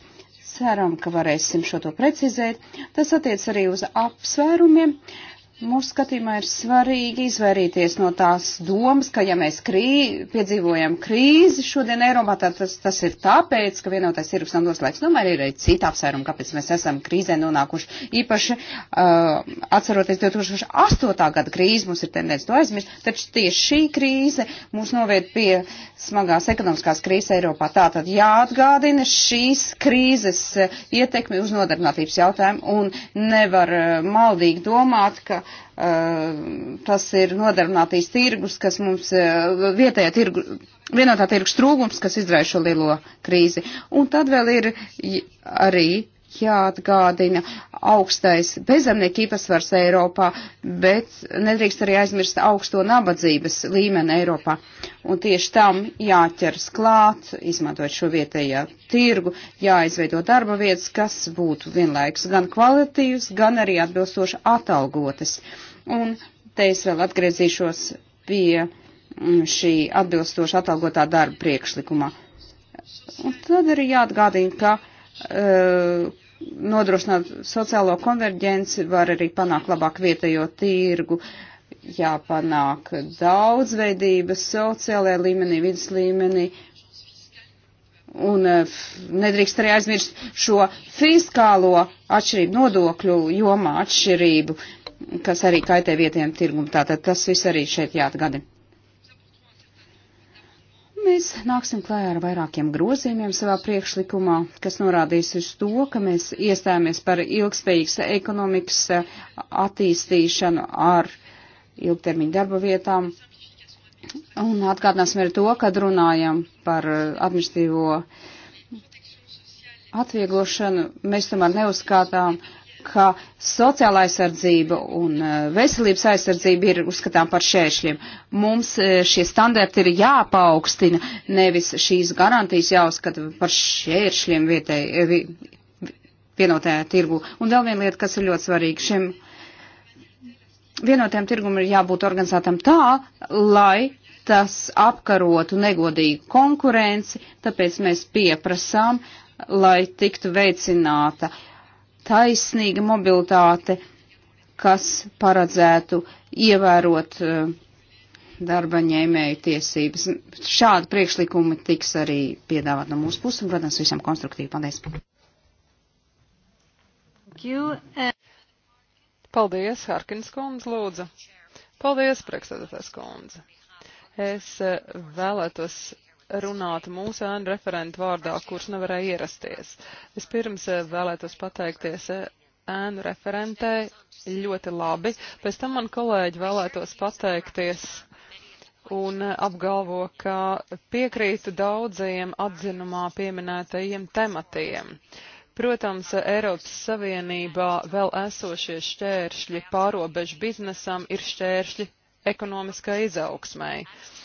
[SPEAKER 3] Ceram, ka varēsim šo to precizēt. Tas attiec arī uz apsvērumiem. Uh, Mūsu skatījumā ir svarīgi izvairīties no tās domas, ka ja mēs krī, piedzīvojam krīzi šodien Eiropā, tad tas, tas ir tāpēc, ka vienotais tirgus nav noslēgts. Tomēr ir arī cita apsvēruma, kāpēc mēs esam krīzē nonākuši. Īpaši uh, atceroties 2008. gada krīzi, mums ir tendence to aizmirst, taču tieši šī krīze mūs noviet pie smagās ekonomiskās krīzes Eiropā. Tātad jāatgādina šīs krīzes uh, ietekmi uz nodarbinātības jautājumu un nevar uh, maldīgi domāt, ka Eh, tas ir nodarbinātīs tirgus, kas mums eh, vietējā tirgu, vienotā tirgus trūkums, kas izraisa šo lielo krīzi. Un tad vēl ir arī jāatgādina augstais bezemnieku īpatsvars Eiropā, bet nedrīkst arī aizmirst augsto nabadzības līmeni Eiropā. Un tieši tam jāķers klāt, izmantojot šo vietējā tirgu, jāizveido darba vietas, kas būtu vienlaiks gan kvalitīvs, gan arī atbilstoši atalgotas. Un te es vēl atgriezīšos pie mm, šī atbilstoši atalgotā darba priekšlikumā. Un tad arī jāatgādina, ka Eh, nodrošināt sociālo konverģenci, var arī panākt labāk vietējo tirgu, jāpanāk daudzveidība sociālajā līmenī, vidas līmenī. Un eh, nedrīkst arī aizmirst šo fiskālo atšķirību, nodokļu jomā atšķirību, kas arī kaitē vietējiem tirgumam. Tātad tas viss arī šeit jāatgadi. Mēs nāksim klājā ar vairākiem grozījumiem savā priekšlikumā, kas norādīs uz to, ka mēs iestājāmies par ilgspējīgas ekonomikas eh, attīstīšanu ar ilgtermiņu darba vietām. Un atgādināsim arī to, kad runājam par eh, administrīvo atvieglošanu, mēs tomēr neuzskatām ka sociāla aizsardzība un e, veselības aizsardzība ir uzskatām par šēršļiem. Mums e, šie standarti ir jāpaukstina, nevis šīs garantijas jāuzskata par šēršļiem vietēji e, vienotajā tirgu. Un vēl viena lieta, kas ir ļoti svarīga, šiem vienotajam tirgum ir jābūt organizētam tā, lai tas apkarotu negodīgu konkurenci, tāpēc mēs pieprasām, lai tiktu veicināta uh, taisnīga mobilitāte, kas paredzētu ievērot eh, darba ņēmēju tiesības. Šādi priekšlikumi tiks arī piedāvāt no mūsu puses, un, protams, visam konstruktīvi. Paldies!
[SPEAKER 1] Eh. Paldies, Harkins kundze, lūdzu. Paldies, priekšsēdētājs kundze. Es eh, vēlētos runāt mūsu ēnu referentu vārdā, kurš nevarēja ierasties. Vispirms eh, vēlētos pateikties eh, ēnu referentē ļoti labi, pēc tam man kolēģi vēlētos pateikties un eh, apgalvo, ka piekrītu daudziem atzinumā pieminētajiem tematiem. Protams, Eiropas Savienībā vēl esošie šķēršļi pārobežu biznesam ir šķēršļi ekonomiskai izaugsmai. Uh,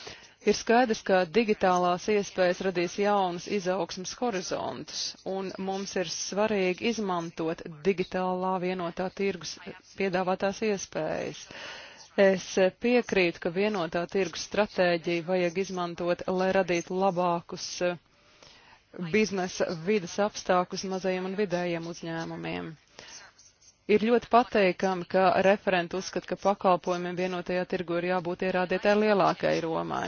[SPEAKER 1] Ir skaidrs, ka digitālās iespējas radīs jaunas izaugsmas horizontus, un mums ir svarīgi izmantot digitālā vienotā tirgus piedāvātās iespējas. Es piekrītu, ka vienotā tirgus stratēģija vajag izmantot, lai radītu labākus eh, biznesa vidas apstākļus mazajiem un vidējiem uzņēmumiem. Ir ļoti pateikami, ka referenti uzskata, ka pakalpojumiem vienotajā tirgu ir jābūt ierādītē lielākai Romai.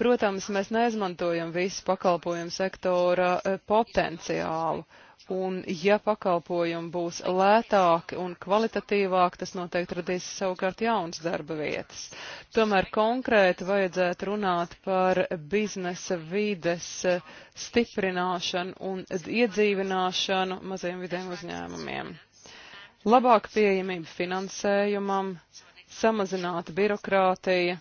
[SPEAKER 1] Protams, mēs neizmantojam visu pakalpojumu sektora eh, potenciālu. Un, ja pakalpojumi būs lētāki un kvalitatīvāki, tas noteikti radīs savukārt jaunas darba vietas. Tomēr konkrēti vajadzētu runāt par biznesa vides eh, stiprināšanu un iedzīvināšanu maziem vidiem uzņēmumiem. Labāk pieejamība finansējumam, samazināta birokrātija,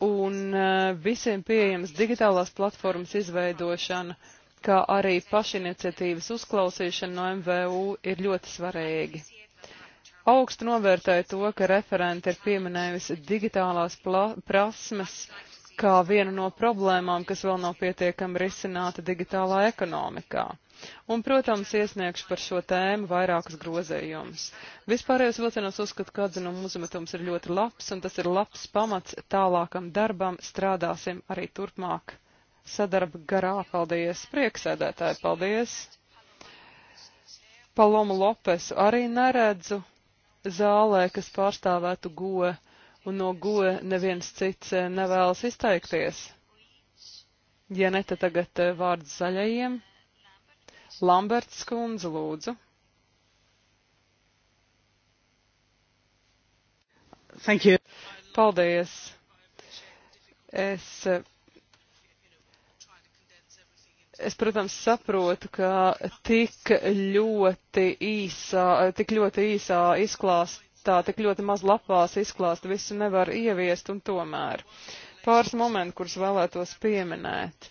[SPEAKER 1] un eh, visiem pieejams digitālās platformas izveidošana, kā arī pašiniciatīvas uzklausīšana no MVU ir ļoti svarīgi. Augstu novērtēju to, ka referenti ir pieminējusi digitālās prasmes kā vienu no problēmām, kas vēl nav pietiekami risināta digitālā ekonomikā. Un, protams, iesniegšu par šo tēmu vairākus grozījumus. Vispārējos vilcienos uzskatu, ka atzinuma uzmetums ir ļoti labs, un tas ir labs pamats tālākam darbam. Strādāsim arī turpmāk sadarba garā. Paldies, prieksēdētāji, paldies! Palomu Lopesu arī neredzu zālē, kas pārstāvētu goe, un no goe neviens cits eh, nevēlas izteikties. Ja ne, tad tagad eh, vārds zaļajiem. Lamberts kundze, lūdzu. Thank you. Paldies. Es es, protams, saprotu, ka tik ļoti īsā, tik ļoti īsā izklāstā, tik ļoti maz lapās izklāst visu nevar ieviest un tomēr. Uh, Pāris momenti, kurus vēlētos pieminēt.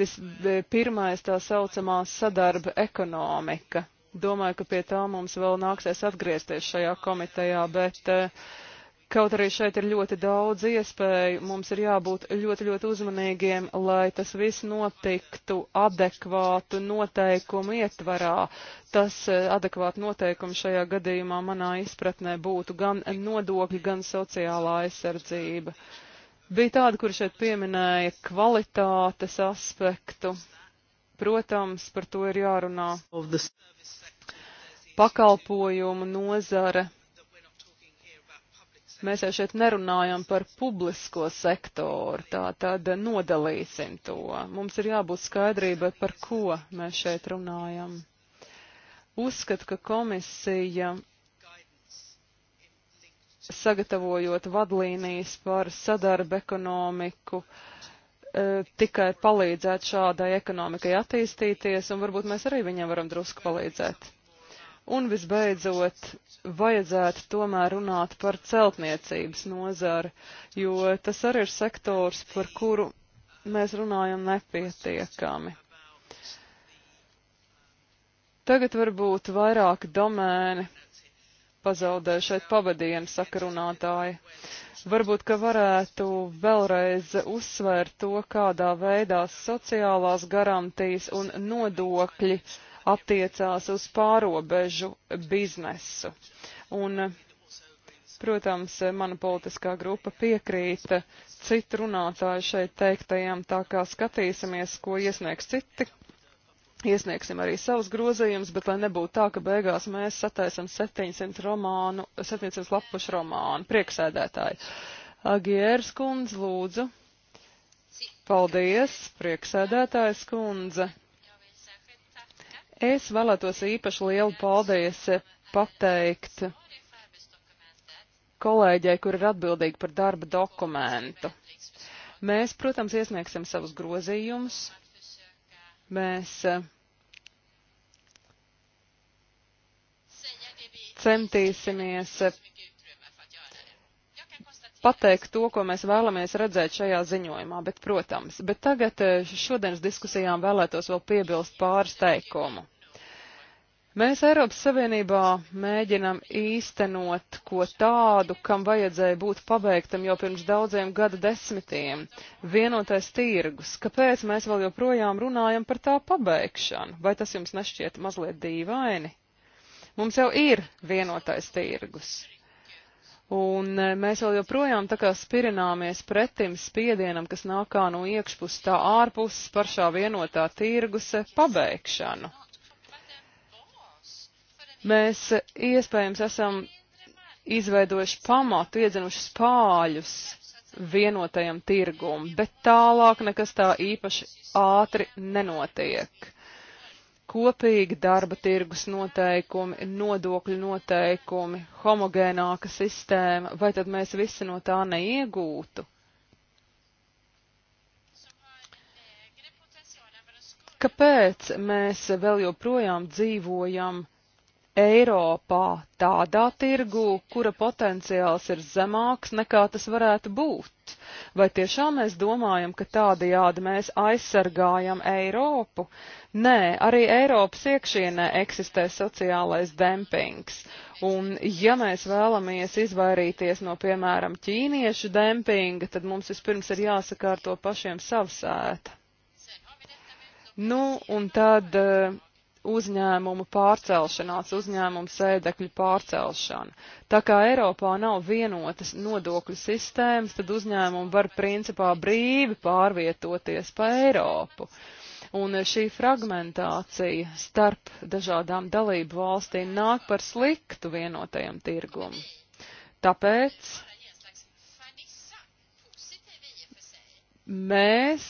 [SPEAKER 1] Vispirmais e, tā saucamā sadarba ekonomika. Domāju, ka pie tā mums vēl nāksies atgriezties šajā komitejā, bet uh, Kaut arī šeit ir ļoti daudz iespēju, mums ir jābūt ļoti, ļoti uzmanīgiem, lai tas viss notiktu adekvātu noteikumu ietvarā. Tas e, adekvātu noteikumu šajā gadījumā manā izpratnē būtu gan nodokļi, gan sociālā aizsardzība. Uh, Bija tāda, kur šeit pieminēja kvalitātes aspektu. Protams, par to ir jārunā. Pakalpojumu nozare. Mēs jau šeit nerunājam par publisko sektoru, tā tad nodalīsim to. Mums ir jābūt skaidrībai, par ko mēs šeit runājam. Uzskatu, ka komisija sagatavojot vadlīnijas par sadarbu ekonomiku, e, tikai palīdzēt šādai ekonomikai attīstīties, un varbūt mēs arī viņam varam drusku palīdzēt. Un visbeidzot, vajadzētu tomēr runāt par celtniecības nozari, jo tas arī ir sektors, par kuru mēs runājam nepietiekami. Tagad varbūt vairāk domēni pazaudēju šeit pavadienu, saka runātāji. Varbūt, ka varētu vēlreiz uzsvērt to, kādā veidā sociālās garantijas un nodokļi attiecās uz pārobežu biznesu. Un, protams, mana politiskā grupa piekrīta citu runātāju šeit teiktajam, tā kā skatīsimies, ko iesniegs citi Iesniegsim arī savus grozījumus, bet lai nebūtu tā, ka beigās mēs sataisam 700 romānu, 700 lapušu romānu. Prieksēdētāji. Agieres kundze, lūdzu. Paldies, prieksēdētājs kundze. Es vēlētos īpaši lielu paldies pateikt kolēģei, kur ir atbildīga par darba dokumentu. Mēs, protams, iesniegsim savus grozījumus. Mēs centīsimies pateikt to, ko mēs vēlamies redzēt šajā ziņojumā, bet, protams, bet tagad eh, šodienas diskusijām vēlētos vēl piebilst pāris teikumu. Mēs Eiropas Savienībā mēģinam īstenot ko tādu, kam vajadzēja būt pabeigtam jau pirms daudziem gada desmitiem - vienotais tirgus. Kāpēc mēs vēl joprojām runājam par tā pabeigšanu? Vai tas jums nešķiet mazliet dīvaini? Mums jau ir vienotais tirgus. Un e, mēs vēl joprojām tā kā spirināmies pretim spiedienam, kas nāk kā no iekšpus tā ārpuses par šā vienotā tirgus e, pabeigšanu. Mēs e, iespējams esam izveidojuši pamatu, iedzinuši spāļus vienotajam tirgum, bet tālāk nekas tā īpaši ātri nenotiek kopīgi darba tirgus noteikumi, nodokļu noteikumi, homogēnāka sistēma, vai tad mēs visi no tā neiegūtu? Kāpēc mēs vēl joprojām dzīvojam Eiropā tādā tirgū, kura potenciāls ir zemāks nekā tas varētu būt? Vai tiešām mēs domājam, ka tādajādi mēs aizsargājam Eiropu? Nē, arī Eiropas iekšienē eksistē sociālais dempings. Un ja mēs vēlamies izvairīties no, piemēram, ķīniešu dempinga, tad mums vispirms ir jāsakārto pašiem savsēta. Nu, un tad uh, uzņēmumu pārcelšanās, uzņēmumu sēdekļu pārcelšana. Tā kā Eiropā nav vienotas nodokļu sistēmas, tad uzņēmumi var principā brīvi pārvietoties pa Eiropu. Un šī fragmentācija starp dažādām dalību valstīm nāk par sliktu vienotajam tirgum. Tāpēc mēs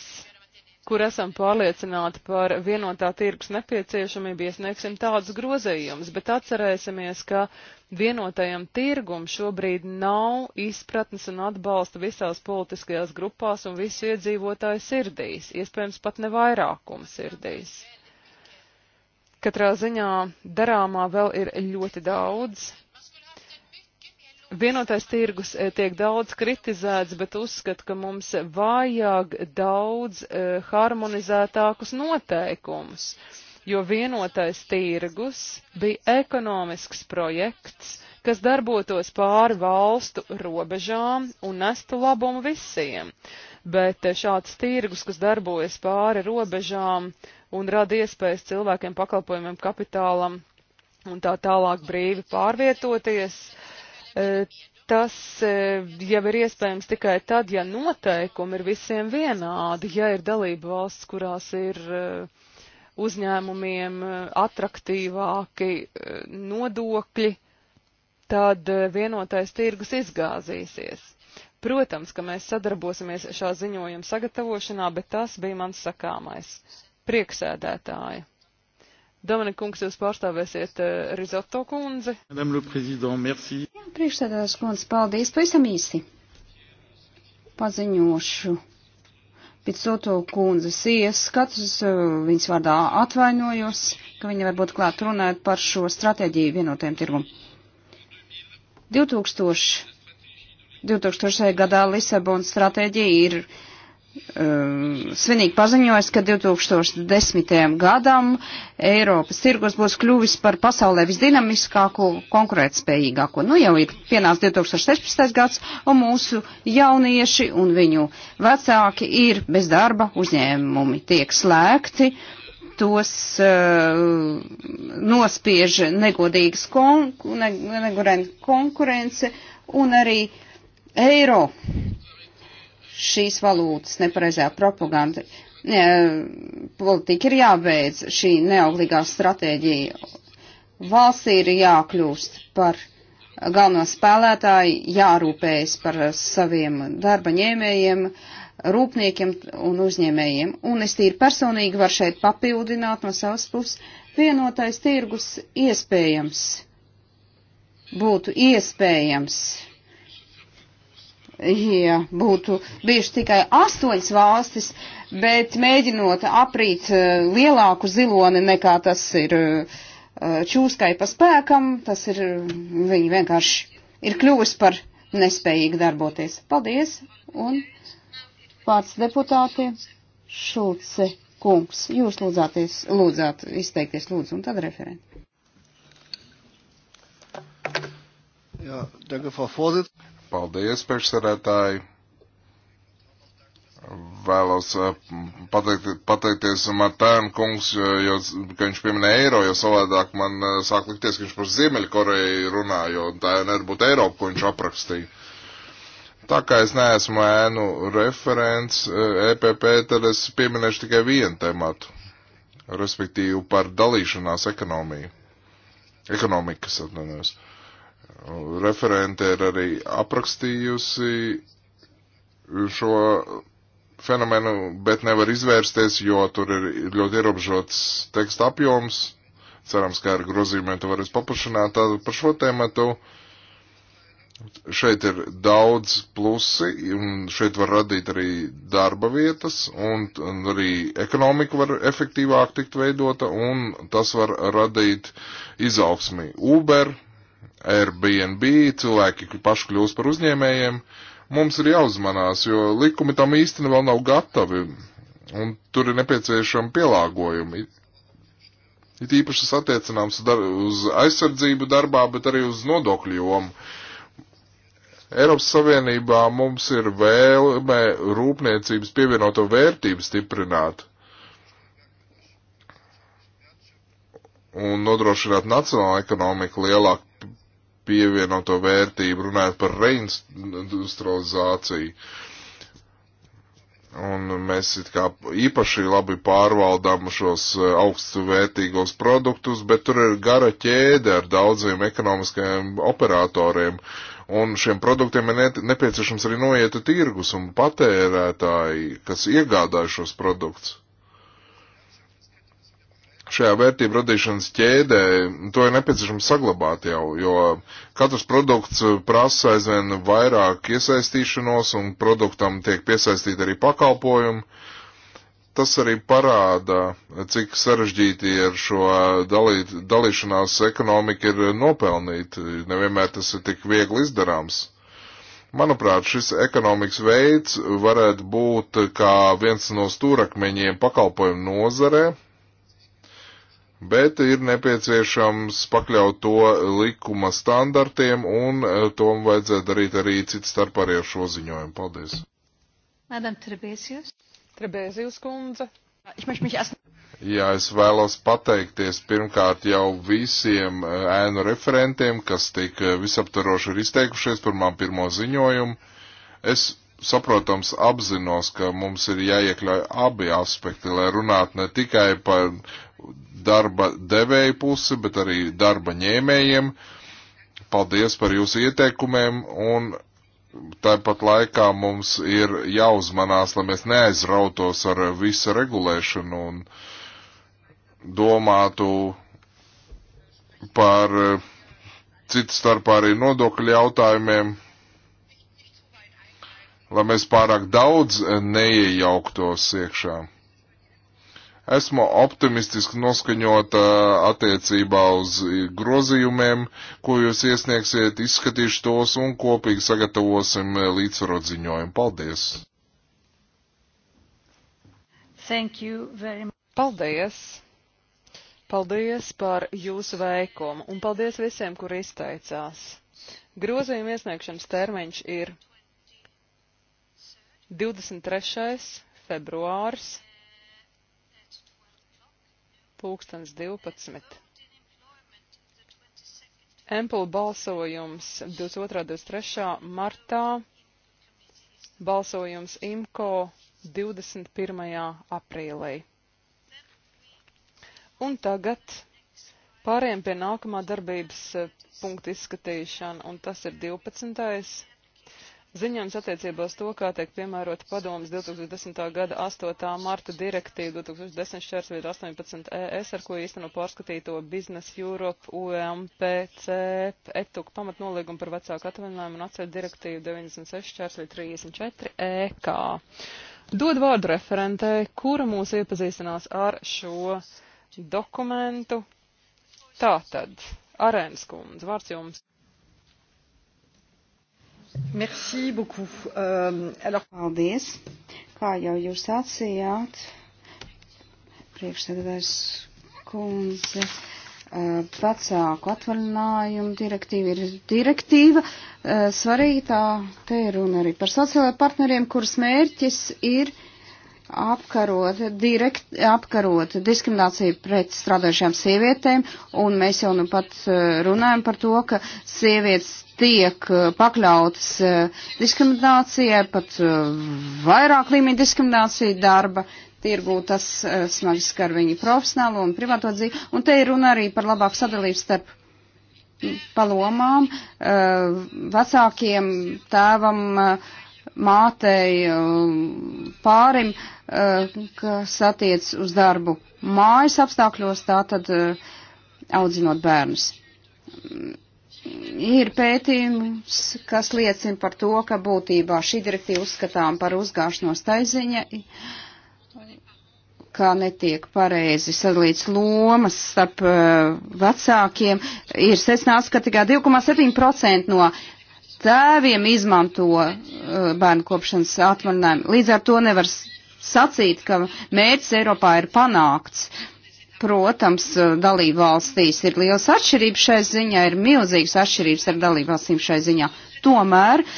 [SPEAKER 1] kur esam pārliecināti par vienotā tirgus nepieciešamību, iesniegsim tādus grozījumus, bet atcerēsimies, ka vienotajam tirgum šobrīd nav izpratnes un atbalsta visās politiskajās grupās un visu iedzīvotāju sirdīs, iespējams pat ne vairākuma sirdīs. Katrā ziņā darāmā vēl ir ļoti daudz, Vienotais tirgus eh, tiek daudz kritizēts, bet uzskatu, ka mums vajag daudz eh, harmonizētākus noteikumus, jo vienotais tirgus bija ekonomisks projekts, kas darbotos pāri valstu robežām un nestu labumu visiem. Bet eh, šāds tirgus, kas darbojas pāri robežām un rada iespējas cilvēkiem, pakalpojumiem, kapitālam un tā tālāk brīvi pārvietoties, uh, Eh, tas eh, jau ir iespējams tikai tad, ja noteikumi ir visiem vienādi, ja ir dalība valsts, kurās ir eh, uzņēmumiem atraktīvāki nodokļi, tad vienotais tirgus izgāzīsies. Protams, ka mēs sadarbosimies šā ziņojuma sagatavošanā, bet tas bija mans sakāmais. Prieksēdētāja. Dominika kungs, jūs pārstāvēsiet Rizoto kundzi. Madame le Président, merci.
[SPEAKER 3] Priekšstādās kundze, paldies pavisam īsi. Paziņošu. Pēc soto kundzes ieskatus viņas vārdā atvainojos, ka viņa varbūt klāt runājot par šo stratēģiju vienotajam tirgum. 2000, 2000. gadā Lisabonas stratēģija ir Um, svinīgi paziņojis, ka 2010. gadam Eiropas tirgus būs kļuvis par pasaulē visdinamiskāko, konkurētspējīgāko. Nu jau ir pienācis 2016. gads, un mūsu jaunieši un viņu vecāki ir bez darba, uzņēmumi tiek slēgti, tos uh, nospiež negodīgas konkurence, ne, konkurence un arī eiro šīs valūtas nepareizā propaganda. Ne, politika ir jābeidz šī neobligā stratēģija. Valstī ir jākļūst par galveno spēlētāju, jārūpējas par saviem darba ņēmējiem, rūpniekiem un uzņēmējiem. Un es tīri personīgi varu šeit papildināt no savas puses vienotais tirgus iespējams būtu iespējams ja būtu bijuši tikai astoņas valstis, bet mēģinot aprīt eh, lielāku ziloni nekā tas ir eh, čūskai pa spēkam, tas ir, viņi vienkārši ir kļuvusi par nespējīgi darboties. Paldies, un pārts deputāti Šulce kungs, jūs lūdzāties, lūdzāt, izteikties lūdzu, un tad referenti.
[SPEAKER 2] Jā, ja, danke, Frau Vorsitz. Paldies, priekšsarētāji! Vēlos uh, pateikt, pateikties Martēnu kungs, jo, ka viņš pieminēja eiro, jo savādāk man uh, sāk likties, ka viņš par Ziemeļkoreju runā, jo tā jau nevar būt Eiropa, ko viņš aprakstīja. Tā kā es neesmu ēnu referents uh, EPP, tad es pieminēšu tikai vienu tematu, respektīvi par dalīšanās ekonomiju. Ekonomikas atvainojos. Uh, Referente ir arī aprakstījusi šo fenomenu, bet nevar izvērsties, jo tur ir ļoti ierobežots teksta apjoms. Cerams, ka ar grozījumiem to varēs paplašināt. Tātad par šo tēmatu šeit ir daudz plusi, un šeit var radīt arī darba vietas, un, un arī ekonomika var efektīvāk tikt veidota, un tas var radīt izaugsmi. Uber Airbnb, cilvēki paši kļūst par uzņēmējiem, mums ir jāuzmanās, jo likumi tam īsti vēl nav gatavi, un tur ir nepieciešami pielāgojumi. It īpaši tas attiecināms uz aizsardzību darbā, bet arī uz nodokļu jomu. Eiropas Savienībā mums ir vēlme rūpniecības pievienoto vērtību stiprināt un nodrošināt nacionālu ekonomiku lielāku pievienoto vērtību, runājot par reindustrializāciju. Un mēs it kā īpaši labi pārvaldām šos eh, augstu vērtīgos produktus, bet tur ir gara ķēde ar daudziem ekonomiskajiem operatoriem. Un šiem produktiem ir nepieciešams arī noieta tirgus un patērētāji, kas iegādāja šos produktus šajā vērtību radīšanas ķēdē, to ir nepieciešams saglabāt jau, jo katrs produkts prasa aizvien vairāk iesaistīšanos un produktam tiek piesaistīti arī pakalpojumi. Tas arī parāda, cik sarežģīti ir šo dalīt, dalīšanās ekonomika ir nopelnīt. Nevienmēr tas ir tik viegli izdarāms. Manuprāt, šis ekonomikas veids varētu būt kā viens no stūrakmeņiem pakalpojumu nozarē, bet ir nepieciešams pakļaut to likuma standartiem, un e, tom vajadzētu darīt arī cits starp arī ar šo ziņojumu. Paldies.
[SPEAKER 1] Madam Trebēsijus. Trebēsijus kundze.
[SPEAKER 2] Jā, es vēlos pateikties pirmkārt jau visiem e, ēnu referentiem, kas tik e, visaptaroši ir izteikušies par man pirmo ziņojumu. Es saprotams, apzinos, ka mums ir jāiekļauj abi aspekti, lai runātu ne tikai par darba devēju pusi, bet arī darba ņēmējiem. Paldies par jūsu ieteikumiem un tāpat laikā mums ir jāuzmanās, lai mēs neaizrautos ar visu regulēšanu un domātu par citu starpā arī nodokļu jautājumiem lai mēs pārāk daudz neiejauktos iekšā. Esmu optimistiski noskaņota attiecībā uz grozījumiem, ko jūs iesniegsiet, izskatīšu tos un kopīgi sagatavosim līdzsvarot ziņojumu. Paldies!
[SPEAKER 1] Thank you very much. Paldies! Paldies par jūsu veikumu un paldies visiem, kur izteicās. Grozījuma iesniegšanas termiņš ir 23. februārs pulkstens 12. Empula balsojums 22. 23. martā, balsojums IMCO 21. aprīlī. Un tagad pāriem pie nākamā darbības eh, punkta izskatīšana, un tas ir 12. Ziņojums attiecībā uz to, kā tiek piemērota padomas 2010. gada 8. marta direktīva 2010.418 ES, ar ko īsteno pārskatīto Business Europe UMPC etuku pamatnolīgumu par vecāku atvaļinājumu un atceļ direktīvu 96.34 EK. Dod vārdu referentē, kura mūs iepazīstinās ar šo dokumentu. Tātad, Arēnas kundze, vārds jums. Merci
[SPEAKER 3] beaucoup. Um, alors... Paldies. Kā jau jūs atsījāt, priekšsēdētājs kundze, uh, vecāku atvaļinājumu direktīva ir direktīva. Uh, svarīgi tā te ir runa arī par sociālajiem partneriem, kuras mērķis ir apkarot, direkt, apkarot diskrimināciju pret strādājušām sievietēm, un mēs jau nu pat eh, runājam par to, ka sievietes tiek eh, pakļautas eh, diskriminācijai, pat vairāk līmeņa diskriminācija darba tirgū, tas smagi skar viņu profesionālo un privāto dzīvi, un te ir runa arī par labāku sadalību starp palomām, vecākiem tēvam, mātei um, pārim, uh, kas attiec uz darbu mājas apstākļos, tātad uh, audzinot bērnus. Ir pētījums, kas liecina par to, ka būtībā šī direktīva uzskatām par uzgāšanos taiziņa, kā netiek pareizi sadalīts lomas starp uh, vecākiem. Ir secināts, ka tikai 2,7% no tēviem izmanto uh, bērnu kopšanas atvaļinājumu. Līdz ar to nevar sacīt, ka mērķis Eiropā ir panākts. Protams, uh, dalību valstīs ir liels atšķirības šai ziņā, ir milzīgas atšķirības ar dalību valstīm šai ziņā. Tomēr uh,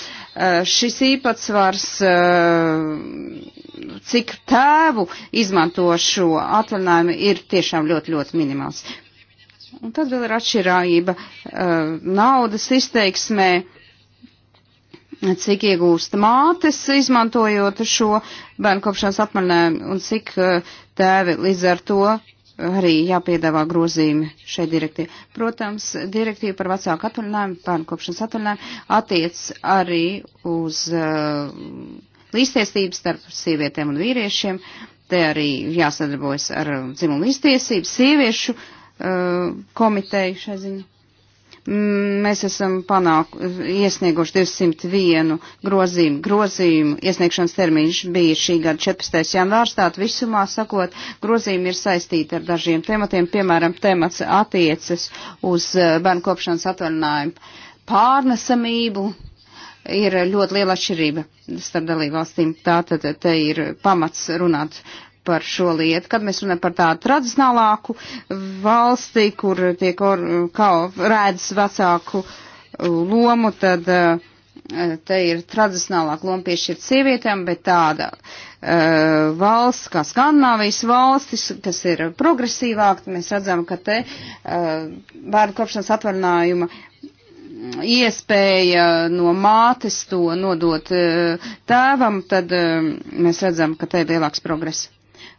[SPEAKER 3] šis īpatsvars, uh, cik tēvu izmanto šo atvaļinājumu, ir tiešām ļoti, ļoti minimāls. Un tad vēl ir atšķirība naudas izteiksmē cik iegūst mātes, izmantojot šo bērnu kopšanas apmaļinājumu, un cik eh, tēvi līdz ar to arī jāpiedāvā grozījumi šai direktīvai. Protams, direktīva par vecāku atvaļinājumu, bērnu kopšanas atvaļinājumu attiec arī uz uh, eh, līdztiestību starp sievietēm un vīriešiem. Te arī jāsadarbojas ar eh, dzimumu līdztiesību, sieviešu uh, komiteju šai ziņā Mm, mēs esam panāk, iesnieguši 201 grozījumu. Grozījumu iesniegšanas termiņš bija šī gada 14. janvārs, tātad visumā sakot, grozījumi ir saistīti ar dažiem tematiem, piemēram, temats attiecas uz eh, bērnu kopšanas atvaļinājumu pārnesamību, ir ļoti liela atšķirība starp dalībvalstīm. Tātad te ir pamats runāt par šo lietu, kad mēs runājam par tādu tradicionālāku valsti, kur tiek or, kā rēdz vecāku uh, lomu, tad uh, te ir tradicionālāk loma piešķirt sievietēm, bet tāda uh, valsts, kā Skandināvijas valstis, kas ir progresīvāk, mēs redzam, ka te uh, bērnu kopšanas atvaļinājuma iespēja no mātes to nodot uh, tēvam, tad mēs redzam, ka te ir lielāks progress.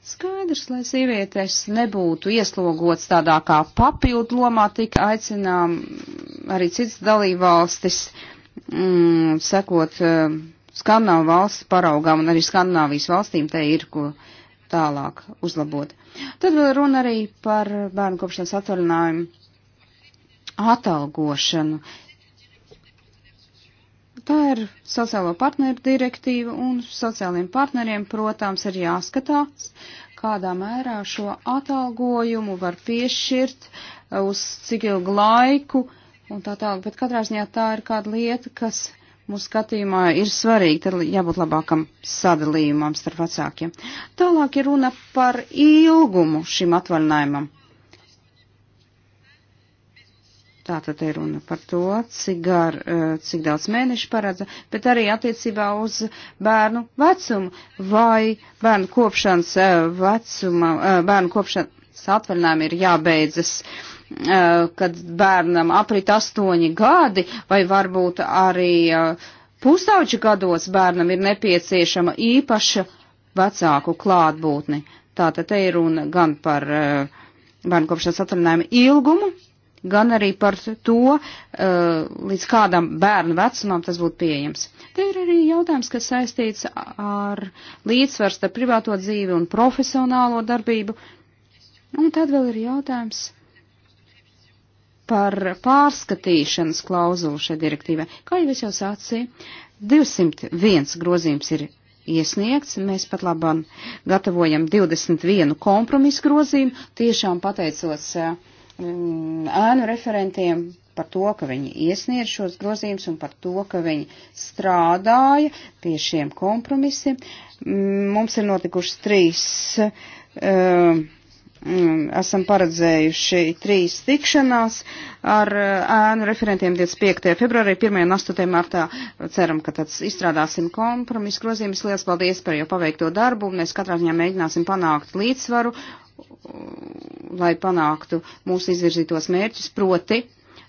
[SPEAKER 3] Skaidrs, lai sievietes nebūtu ieslogots tādā kā papildu lomā, tika aicinām arī citas dalībvalstis, mm, sekot uh, Skandināvu valstu paraugām, un arī Skandināvijas valstīm te ir ko tālāk uzlabot. Tad vēl runa arī par bērnu kopšanas atvaļinājumu atalgošanu. Tā ir sociālo partneru direktīva un sociāliem partneriem, protams, ir jāskatās, kādā mērā šo atalgojumu var piešķirt, uh, uz cik ilgu laiku un tā tālāk. Bet katrā ziņā tā ir kāda lieta, kas mūsu skatījumā ir svarīga, tad jābūt labākam sadalījumam starp vecākiem. Tālāk ir runa par ilgumu šim atvaļinājumam. Tā tad ir runa par to, cik, gar, eh, cik daudz mēnešu paredza, bet arī attiecībā uz bērnu vecumu vai bērnu kopšanas eh, vecuma, eh, bērnu kopšanas atvaļinājumi ir jābeidzas, kad bērnam aprit astoņi gadi vai varbūt arī pusauģi gados bērnam ir nepieciešama īpaša vecāku klātbūtne. Tātad te ir runa gan par bērnu kopšanas atvaļinājumu ilgumu, gan arī par to, eh, līdz kādam bērnu vecumam tas būtu pieejams. Te ir arī jautājums, kas saistīts ar līdzsvars starp privāto dzīvi un profesionālo darbību. Un tad vēl ir jautājums par pārskatīšanas klauzulu šai direktīvai. Kā jau es jau sacīju, 201 grozījums ir iesniegts. Mēs pat labam gatavojam 21 kompromisu grozījumu. Tiešām pateicos uh, Mm, ēnu referentiem par to, ka viņi iesniedz šos grozījumus un par to, ka viņi strādāja pie šiem kompromisiem. Mm, mums ir notikušas trīs, um, esam paredzējuši trīs tikšanās ar eh, ēnu referentiem 25. februārī, 1. un 8. martā. Ceram, ka tad izstrādāsim kompromisu grozījumus. Lielas paldies par jau paveikto darbu. Mēs katrā ziņā mēģināsim panākt līdzsvaru lai panāktu mūsu izvirzītos mērķus, proti,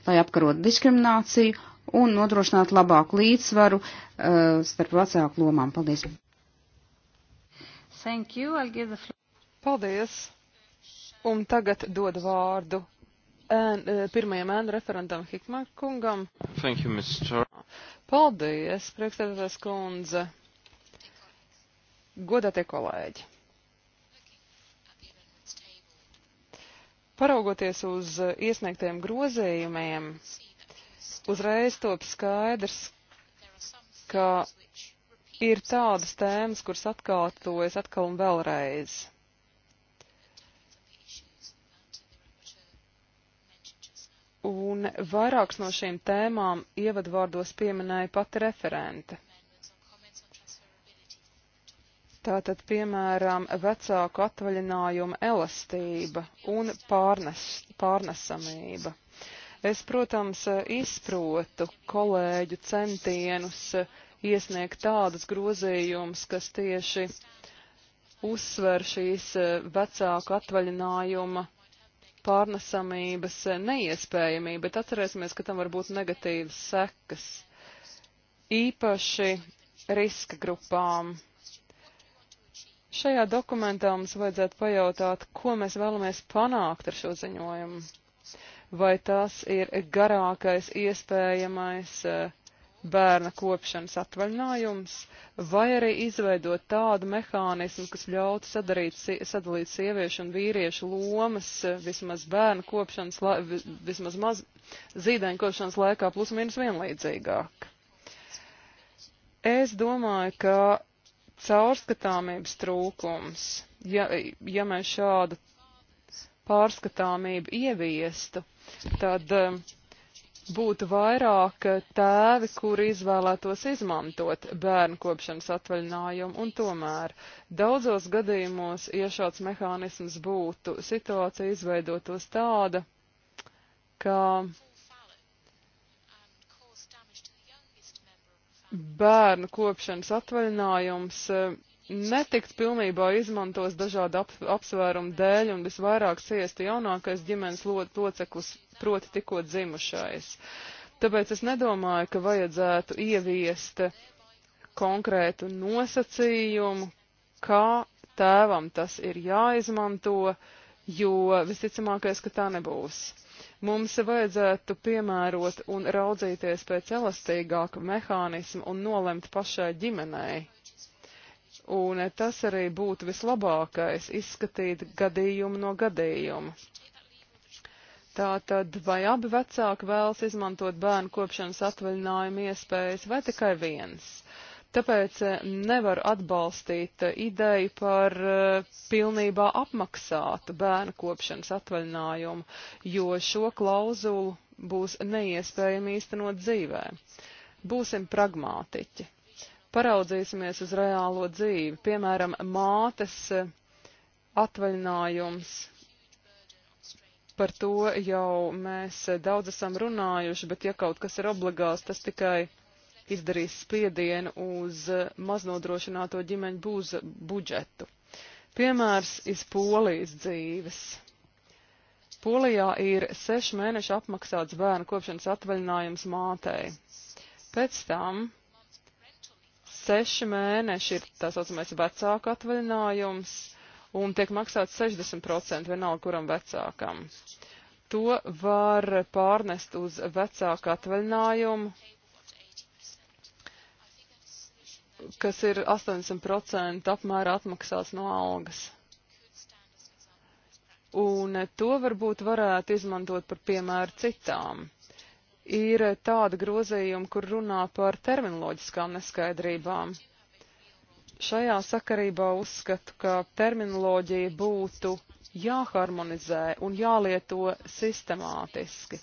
[SPEAKER 3] lai apkarot diskrimināciju un nodrošinātu labāku līdzsvaru uh, starp vecāku lomām. Paldies!
[SPEAKER 1] Thank you. I'll give the floor. Paldies! Un tagad dodu vārdu ēn, uh, pirmajam ēnu referentam Hikmā kungam. Thank you, Mr. Paldies, priekšstādātās kundze. Godātie kolēģi! Paraugoties uz eh, iesniegtiem grozējumiem, uzreiz top skaidrs, ka ir tādas tēmas, kuras atkārtojas atkal un vēlreiz. Un vairākas no šīm tēmām ievadvārdos pieminēja pati referente. Tātad, piemēram, vecāku atvaļinājuma elastība un pārnes, pārnesamība. Es, protams, izprotu kolēģu centienus iesniegt tādas grozījumus, kas tieši uzsver šīs vecāku atvaļinājuma pārnesamības neiespējamību, bet atcerēsimies, ka tam var būt negatīvas sekas. Īpaši riska grupām Šajā dokumentā mums vajadzētu pajautāt, ko mēs vēlamies panākt ar šo ziņojumu. Vai tas ir garākais iespējamais eh, bērna kopšanas atvaļinājums, vai arī izveidot tādu mehānismu, kas ļautu sadarīt, sadalīt sieviešu un vīriešu lomas eh, vismaz bērna kopšanas, vismaz maz zīdaiņu kopšanas laikā plus mīnus vienlīdzīgāk. Es domāju, ka caurskatāmības trūkums. Ja, ja mēs šādu pārskatāmību ieviestu, tad um, būtu vairāk tēvi, kuri izvēlētos izmantot bērnu kopšanas atvaļinājumu, un tomēr daudzos gadījumos, ja šāds mehānisms būtu, situācija izveidotos tāda, ka bērnu kopšanas atvaļinājums eh, netiks pilnībā izmantos dažādu ap, apsvērumu dēļ un visvairāk ciesti jaunākais ģimenes loceklis, proti tikko dzimušais. Tāpēc es nedomāju, ka vajadzētu ieviest konkrētu nosacījumu, kā tēvam tas ir jāizmanto, jo visticamākais, ka tā nebūs. Mums vajadzētu piemērot un raudzīties pēc elastīgāka mehānismu un nolemt pašai ģimenei. Un tas arī būtu vislabākais - izskatīt gadījumu no gadījuma. Tātad, vai abi vecāki vēlas izmantot bērnu kopšanas atvaļinājumu iespējas, vai tikai viens? Tāpēc eh, nevaru atbalstīt eh, ideju par eh, pilnībā apmaksātu bērnu kopšanas atvaļinājumu, jo šo klauzulu būs neiespējami īstenot dzīvē. Būsim pragmātiķi. Paraudzīsimies uz reālo dzīvi, piemēram, mātes atvaļinājums. Par to jau mēs daudz esam runājuši, bet ja kaut kas ir obligāts, tas tikai izdarīs spiedienu uz maznodrošināto ģimeņu būz, budžetu. Piemērs iz Polijas dzīves. Polijā ir sešu mēnešu apmaksāts bērnu kopšanas atvaļinājums mātei. Pēc tam seši mēneši ir tā saucamais vecāku atvaļinājums un tiek maksāts 60% vienalga kuram vecākam. To var pārnest uz vecāku atvaļinājumu, kas ir 80% apmēra atmaksāts no algas. Un to varbūt varētu izmantot par piemēru citām. Ir tāda grozījuma, kur runā par terminoloģiskām neskaidrībām. Šajā sakarībā uzskatu, ka terminoloģija būtu jāharmonizē un jālieto sistemātiski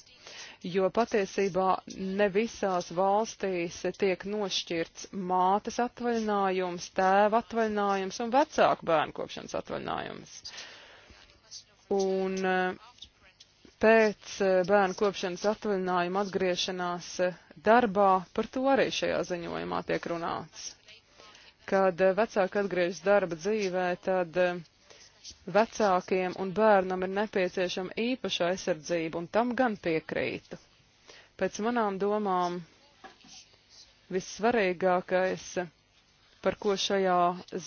[SPEAKER 1] jo patiesībā ne visās valstīs tiek nošķirts mātes atvaļinājums, tēva atvaļinājums un vecāku bērnu kopšanas atvaļinājums. Un eh, pēc eh, bērnu kopšanas atvaļinājuma atgriešanās eh, darbā par to arī šajā ziņojumā tiek runāts. Kad vecāki atgriežas darba dzīvē, tad uh, vecākiem un bērnam ir nepieciešama īpaša aizsardzība, un tam gan piekrītu. Pēc manām domām vissvarīgākais, par ko šajā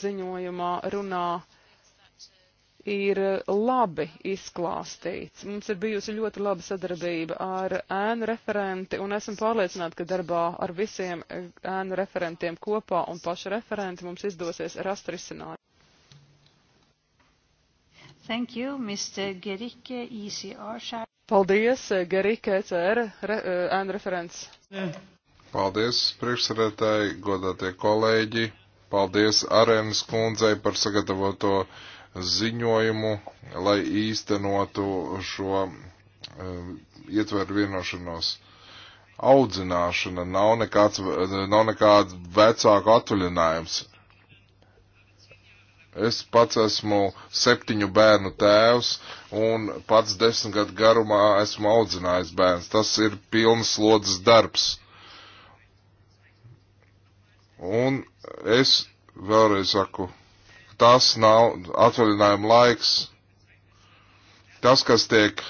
[SPEAKER 1] ziņojumā runā, ir labi izklāstīts. Mums ir bijusi ļoti laba sadarbība ar ēnu referenti, un esam pārliecināti, ka darbā ar visiem ēnu referentiem kopā un pašu referenti mums izdosies rast risinājumu.
[SPEAKER 3] Thank you, Mr. Gerike, ECR.
[SPEAKER 1] Paldies, eh, Gerike, ECR, re, and eh, reference. Yeah.
[SPEAKER 2] Paldies, priekšsarētāji, godātie kolēģi. Paldies Arēnas kundzei par sagatavoto ziņojumu, lai īstenotu šo um, ietveru vienošanos audzināšana nav nekāds, nav nekāds vecāku atvaļinājums. Es pats esmu septiņu bērnu tēvs un pats desmit gadu garumā esmu audzinājis bērns. Tas ir pilns slodzes darbs. Un es vēlreiz saku, tas nav atvaļinājuma laiks. Tas, kas tiek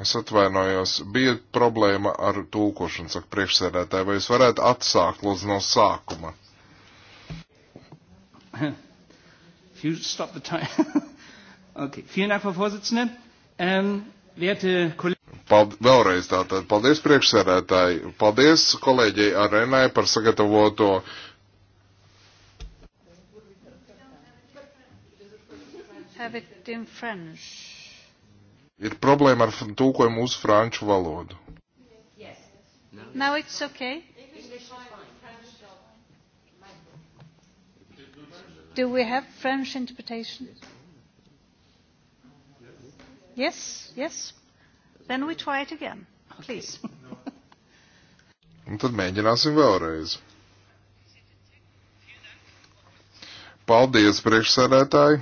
[SPEAKER 2] Es atvainojos, bija problēma ar tūkošanu, saka priekšsēdētāji, vai jūs varētu atsākt lūdzu no sākuma?
[SPEAKER 3] *laughs* Ähm,
[SPEAKER 2] paldies, vēlreiz tātad, paldies priekšsēdētāji, paldies kolēģei Arenai par sagatavoto
[SPEAKER 3] have it in French.
[SPEAKER 2] Ir problēma ar tūkojumu uz franču valodu.
[SPEAKER 3] Yes.
[SPEAKER 1] Now it's okay.
[SPEAKER 3] Do we have French interpretation? Yes, yes. Then we try it again, please.
[SPEAKER 2] Un tad mēģināsim vēlreiz. Paldies, priekšsēdētāji!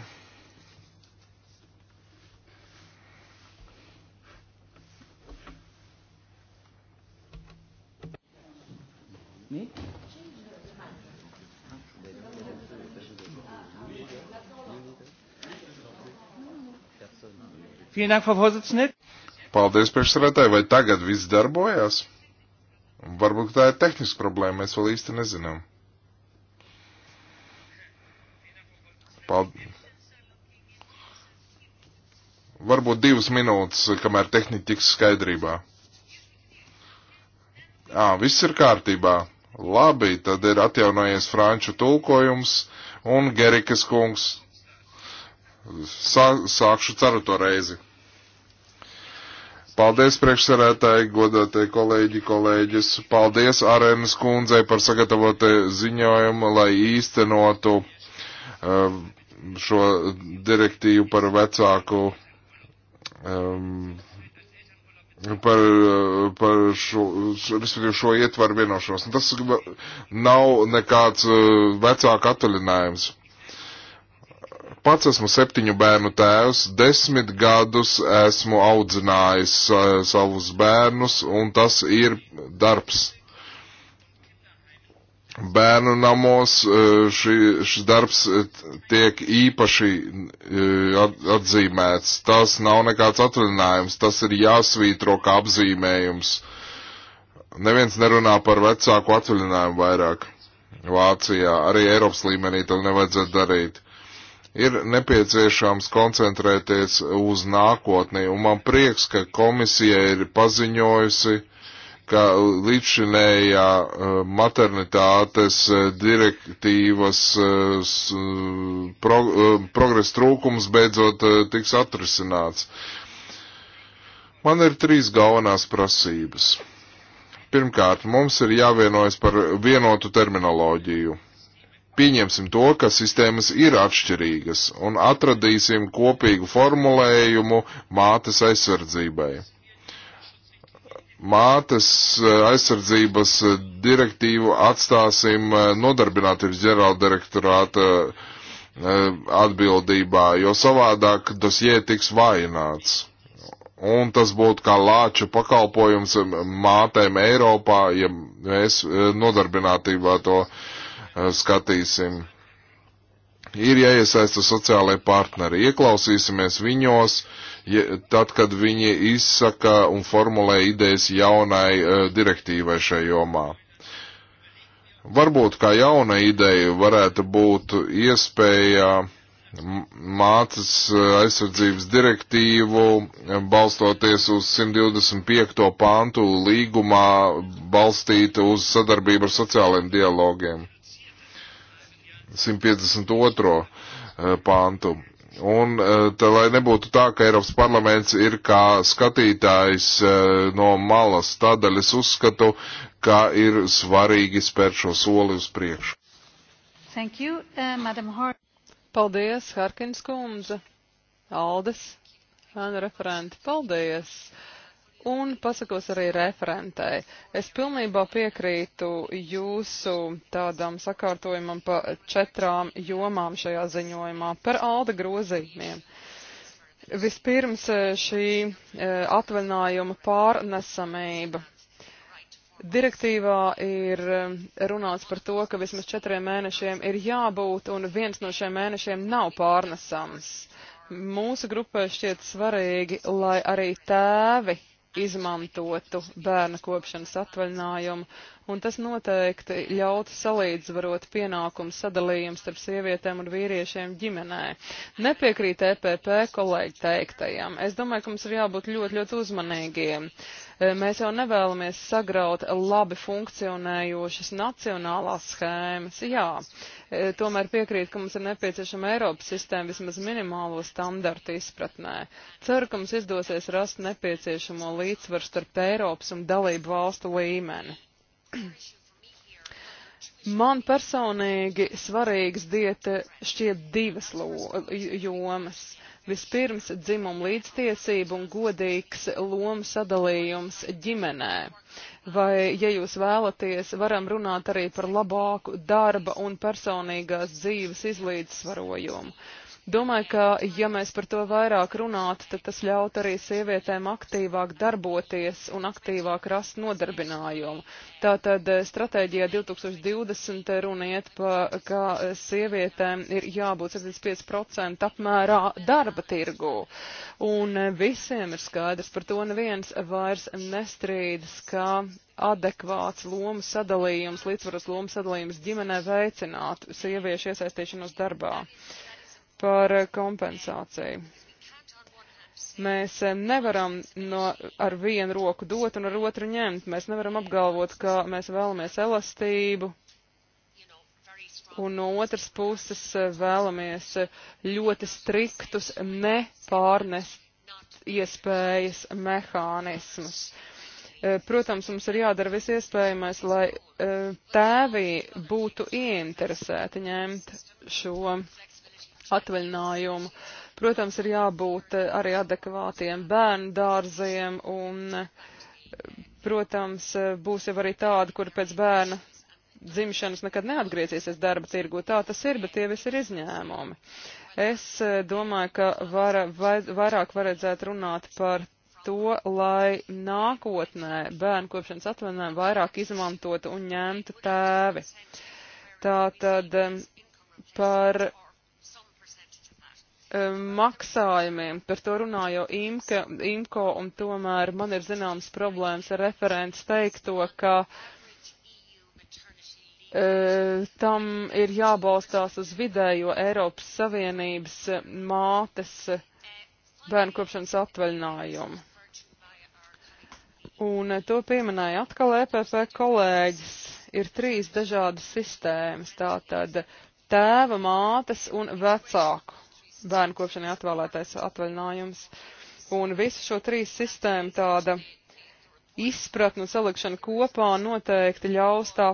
[SPEAKER 2] Paldies, priekšsarētāji, vai tagad viss darbojās? Varbūt tā ir tehniska problēma, mēs vēl īsti nezinām. Paldies. Varbūt divas minūtes, kamēr tehnika tiks skaidrībā. Ā, viss ir kārtībā. Labi, tad ir atjaunojies franču tulkojums un Gerikas kungs. Sā, sākšu ceru to reizi. Paldies priekšsarētāji, godātie kolēģi, kolēģis. Paldies Arēnas kundzei par sagatavotie ziņojumu, lai īstenotu um, šo direktīvu par vecāku, um, par, par šo, respektīvi šo ietvaru vienošanos. Un tas nav nekāds uh, vecāka atvaļinājums pats esmu septiņu bērnu tēvs, desmit gadus esmu audzinājis uh, savus bērnus, un tas ir darbs. Bērnu namos uh, ši, šis darbs e, tiek īpaši uh, atzīmēts. Tas nav nekāds atvaļinājums, tas ir jāsvītro kā apzīmējums. Neviens nerunā par vecāku atvaļinājumu vairāk. Vācijā arī Eiropas līmenī to nevajadzētu darīt ir nepieciešams koncentrēties uz nākotni, un man prieks, ka komisija ir paziņojusi, ka līdzšinējā uh, maternitātes uh, direktīvas uh, pro, progresa trūkums beidzot tiks atrisināts. Man ir trīs galvenās prasības. Pirmkārt, mums ir jāvienojas par vienotu terminoloģiju pieņemsim to, ka sistēmas ir atšķirīgas un atradīsim kopīgu formulējumu mātes aizsardzībai. Mātes eh, aizsardzības direktīvu atstāsim eh, nodarbinātības ģenerāla direktorāta eh, atbildībā, jo savādāk dosie tiks vājināts. Un tas būtu kā lāča pakalpojums mātēm Eiropā, ja mēs nodarbinātībā to uh, Eh, skatīsim. Ir jāiesaista sociālai partneri, ieklausīsimies viņos, ja, tad, kad viņi izsaka un formulē idejas jaunai uh, direktīvai šajā jomā. Varbūt kā jauna ideja varētu būt iespēja mācas eh, aizsardzības direktīvu, balstoties uz 125. pāntu līgumā, balstīta uz sadarbību ar sociālajiem dialogiem. 152. Eh, pāntu. Un eh, tā, lai nebūtu tā, ka Eiropas parlaments ir kā skatītājs eh, no malas, tādēļ es uzskatu, ka ir svarīgi spērt šo soli uz priekšu.
[SPEAKER 1] Thank you, uh, Madam Hor. Paldies, Harkins kundze. Aldis, Anna referenti, paldies un pasakos arī referentei. Es pilnībā piekrītu jūsu tādam sakārtojumam pa četrām jomām šajā ziņojumā par alda grozījumiem. Vispirms eh, šī e, atvaļinājuma pārnesamība. Direktīvā ir eh, runāts par to, ka vismaz četriem mēnešiem ir jābūt, un viens no šiem mēnešiem nav pārnesams. Mūsu grupai šķiet svarīgi, lai arī tēvi izmantotu bērna kopšanas atvaļinājumu, un tas noteikti ļautu salīdzvarot pienākumu sadalījumu starp sievietēm un vīriešiem ģimenē. Nepiekrīt EPP kolēģi teiktajam. Es domāju, ka mums ir jābūt ļoti, ļoti uzmanīgiem. Uh, E, mēs jau nevēlamies sagraut labi funkcionējošas nacionālās schēmas, jā. E, tomēr piekrīt, ka mums ir nepieciešama Eiropas sistēma vismaz minimālo standartu izpratnē. Ceru, ka mums izdosies rast nepieciešamo līdzsvaru starp Eiropas un dalību valstu līmeni. Man personīgi svarīgas diete šķiet divas jomas. Vispirms dzimuma līdztiesība un godīgs lomu sadalījums ģimenē. Vai, ja jūs vēlaties, varam runāt arī par labāku darba un personīgās dzīves izlīdzsvarojumu. Domāju, ka ja mēs par to vairāk runātu, tad tas ļaut arī sievietēm aktīvāk darboties un aktīvāk rast nodarbinājumu. Tātad eh, stratēģijā 2020 runiet, pa, ka eh, sievietēm ir jābūt 75% apmērā darba tirgū. Un eh, visiem ir skaidrs, par to neviens vairs nestrīdas, ka adekvāts lomu sadalījums, līdzsvaros lomu sadalījums ģimenē veicinātu sieviešu iesaistīšanos darbā. Uh, par eh, kompensāciju. Mēs eh, nevaram no, ar vienu roku dot un ar otru ņemt. Mēs nevaram apgalvot, ka mēs vēlamies elastību, un no otras puses eh, vēlamies ļoti striktus nepārnest iespējas mehānismus. Protams, mums ir jādara viss iespējamais, lai tēvī būtu ieinteresēti ņemt šo atvaļinājumu. Protams, ir jābūt eh, arī adekvātiem bērnu dārziem un, eh, protams, eh, būs jau arī tādi, kur pēc bērna dzimšanas nekad neatgriezīsies darba tirgu. Tā tas ir, bet tie visi ir izņēmumi. Es domāju, ka vara, vai, vairāk varētu runāt par to, lai nākotnē bērnu kopšanas atvainājumu vairāk izmantotu un ņemtu tēvi. Tātad par Um, maksājumiem, par to runājo IMKO, IMKO, un tomēr man ir zināmas problēmas ar referents teikto, ka e, tam ir jābalstās uz vidējo Eiropas Savienības mātes bērnu kopšanas atvaļinājumu. Un to pieminēja atkal EPP kolēģis. Ir trīs dažādas sistēmas, tātad tēva, mātes un vecāku bērnu kopšanai atvēlētais atvaļinājums. Un visu šo trīs sistēmu tāda izpratnu un salikšana kopā noteikti ļaus tā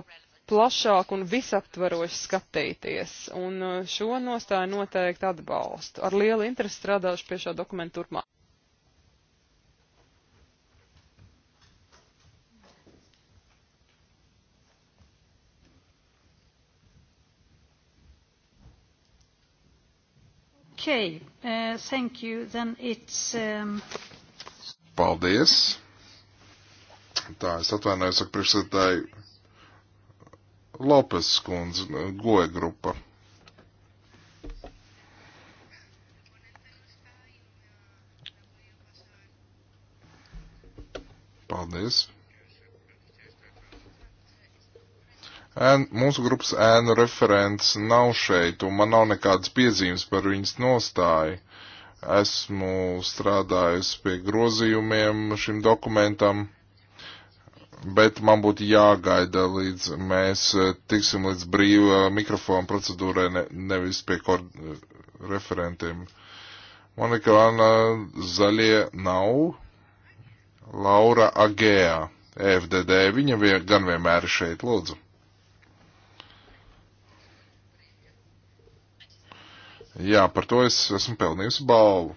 [SPEAKER 1] plašāk un visaptvaroši skatīties. Un uh, šo nostāju noteikti atbalstu. Ar lielu interesi strādāšu pie šā dokumentu turpmāk.
[SPEAKER 3] Okay, uh, thank you. Then it's... Um...
[SPEAKER 2] Paldies. Tā, es atvainojos, saka priekšsētāji Lopes skundze, goja grupa. Paldies. Ēn, mūsu grupas ēnu referents nav šeit, un man nav nekādas piezīmes par viņas nostāju. Esmu strādājusi pie grozījumiem šim dokumentam, bet man būtu jāgaida, līdz mēs eh, tiksim līdz brīva mikrofona procedūrai, ne, nevis pie kord referentiem. Monika Lana zaļie nav, Laura Agēja, e FDD, viņa vien, gan vienmēr šeit, lūdzu. Jā, par to es esmu pelnījusi balvu.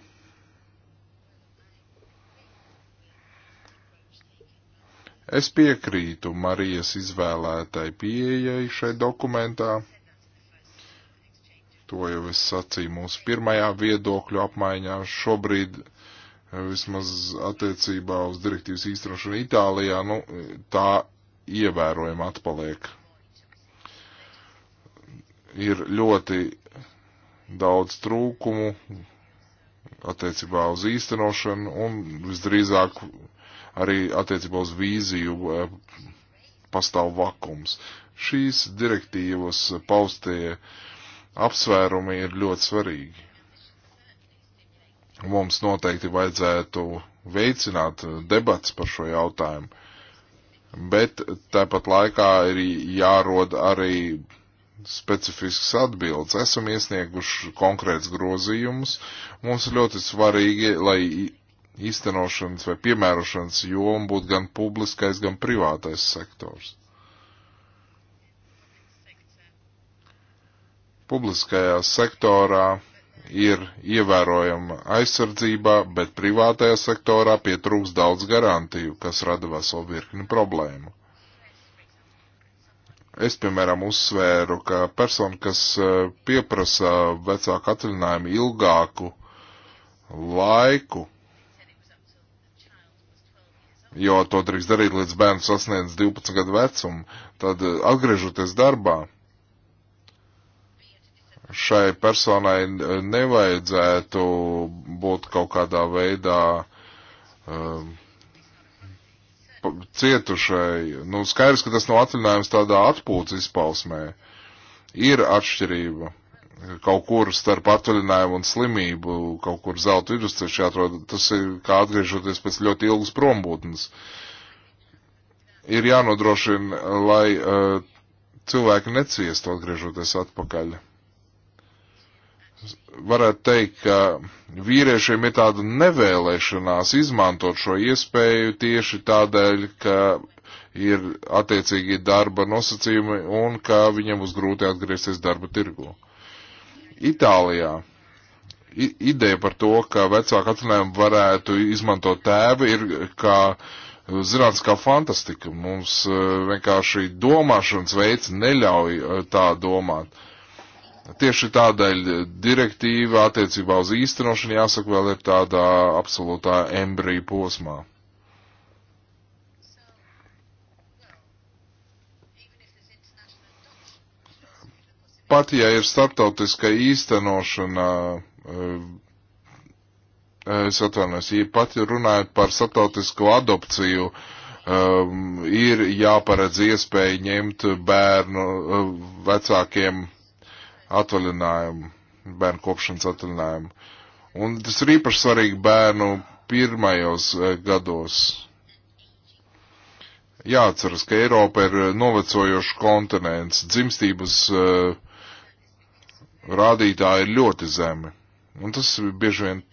[SPEAKER 2] Es piekrītu Marijas izvēlētai pieejai šai dokumentā. To jau es sacīju mūsu pirmajā viedokļu apmaiņā. Šobrīd eh, vismaz attiecībā uz direktīvas īstenošanu Itālijā, nu, tā ievērojami atpaliek. Ir ļoti daudz trūkumu attiecībā uz īstenošanu un visdrīzāk arī attiecībā uz vīziju eh, pastāv vakums. Šīs direktīvas paustie apsvērumi ir ļoti svarīgi. Mums noteikti vajadzētu veicināt debats par šo jautājumu, bet tāpat laikā ir jārod arī specifisks atbildes. Esam iesnieguši konkrēts grozījumus. Mums ir ļoti svarīgi, lai īstenošanas vai piemērošanas joma būtu gan publiskais, gan privātais sektors. Publiskajā sektorā ir ievērojama aizsardzība, bet privātajā sektorā pietrūks daudz garantiju, kas rada veselu virkni problēmu. Es, piemēram, uzsvēru, ka persona, kas eh, pieprasa vecāku atvaļinājumu ilgāku laiku, jo to drīkst darīt līdz bērns sasniedz 12 gadu vecumu, tad eh, atgriežoties darbā, šai personai eh, nevajadzētu būt kaut kādā veidā um, cietušai. Nu, skaidrs, ka tas nav atvinājums tādā atpūtas izpausmē. Ir atšķirība kaut kur starp atvaļinājumu un slimību, kaut kur zelta vidusceļš jāatrod. Tas ir kā atgriežoties pēc ļoti ilgas prombūtnes. Ir jānodrošina, lai uh, cilvēki neciestu atgriežoties atpakaļ varētu teikt, ka vīriešiem ir tāda nevēlēšanās izmantot šo iespēju tieši tādēļ, ka ir attiecīgi darba nosacījumi un ka viņiem būs grūti atgriezties darba tirgu. Itālijā I ideja par to, ka vecāku atvinājumu varētu izmantot tēvi, ir kā zinātniskā fantastika. Mums e, vienkārši domāšanas veids neļauj e, tā domāt. Uh, Tieši tādēļ direktīva attiecībā uz īstenošanu jāsaka vēl ir tādā absolūtā embrija posmā. Pat ja ir starptautiska īstenošana, eh, es atvainojos, ja pat runājot par starptautisko adopciju, um, ir jāparedz iespēja ņemt bērnu eh, vecākiem atvaļinājumu, bērnu kopšanas atvaļinājumu. Un tas ir īpaši svarīgi bērnu pirmajos eh, gados. Jāatceras, ka Eiropa ir eh, novecojošs kontinents, dzimstības eh, rādītāji ir ļoti zemi. Un tas bieži vien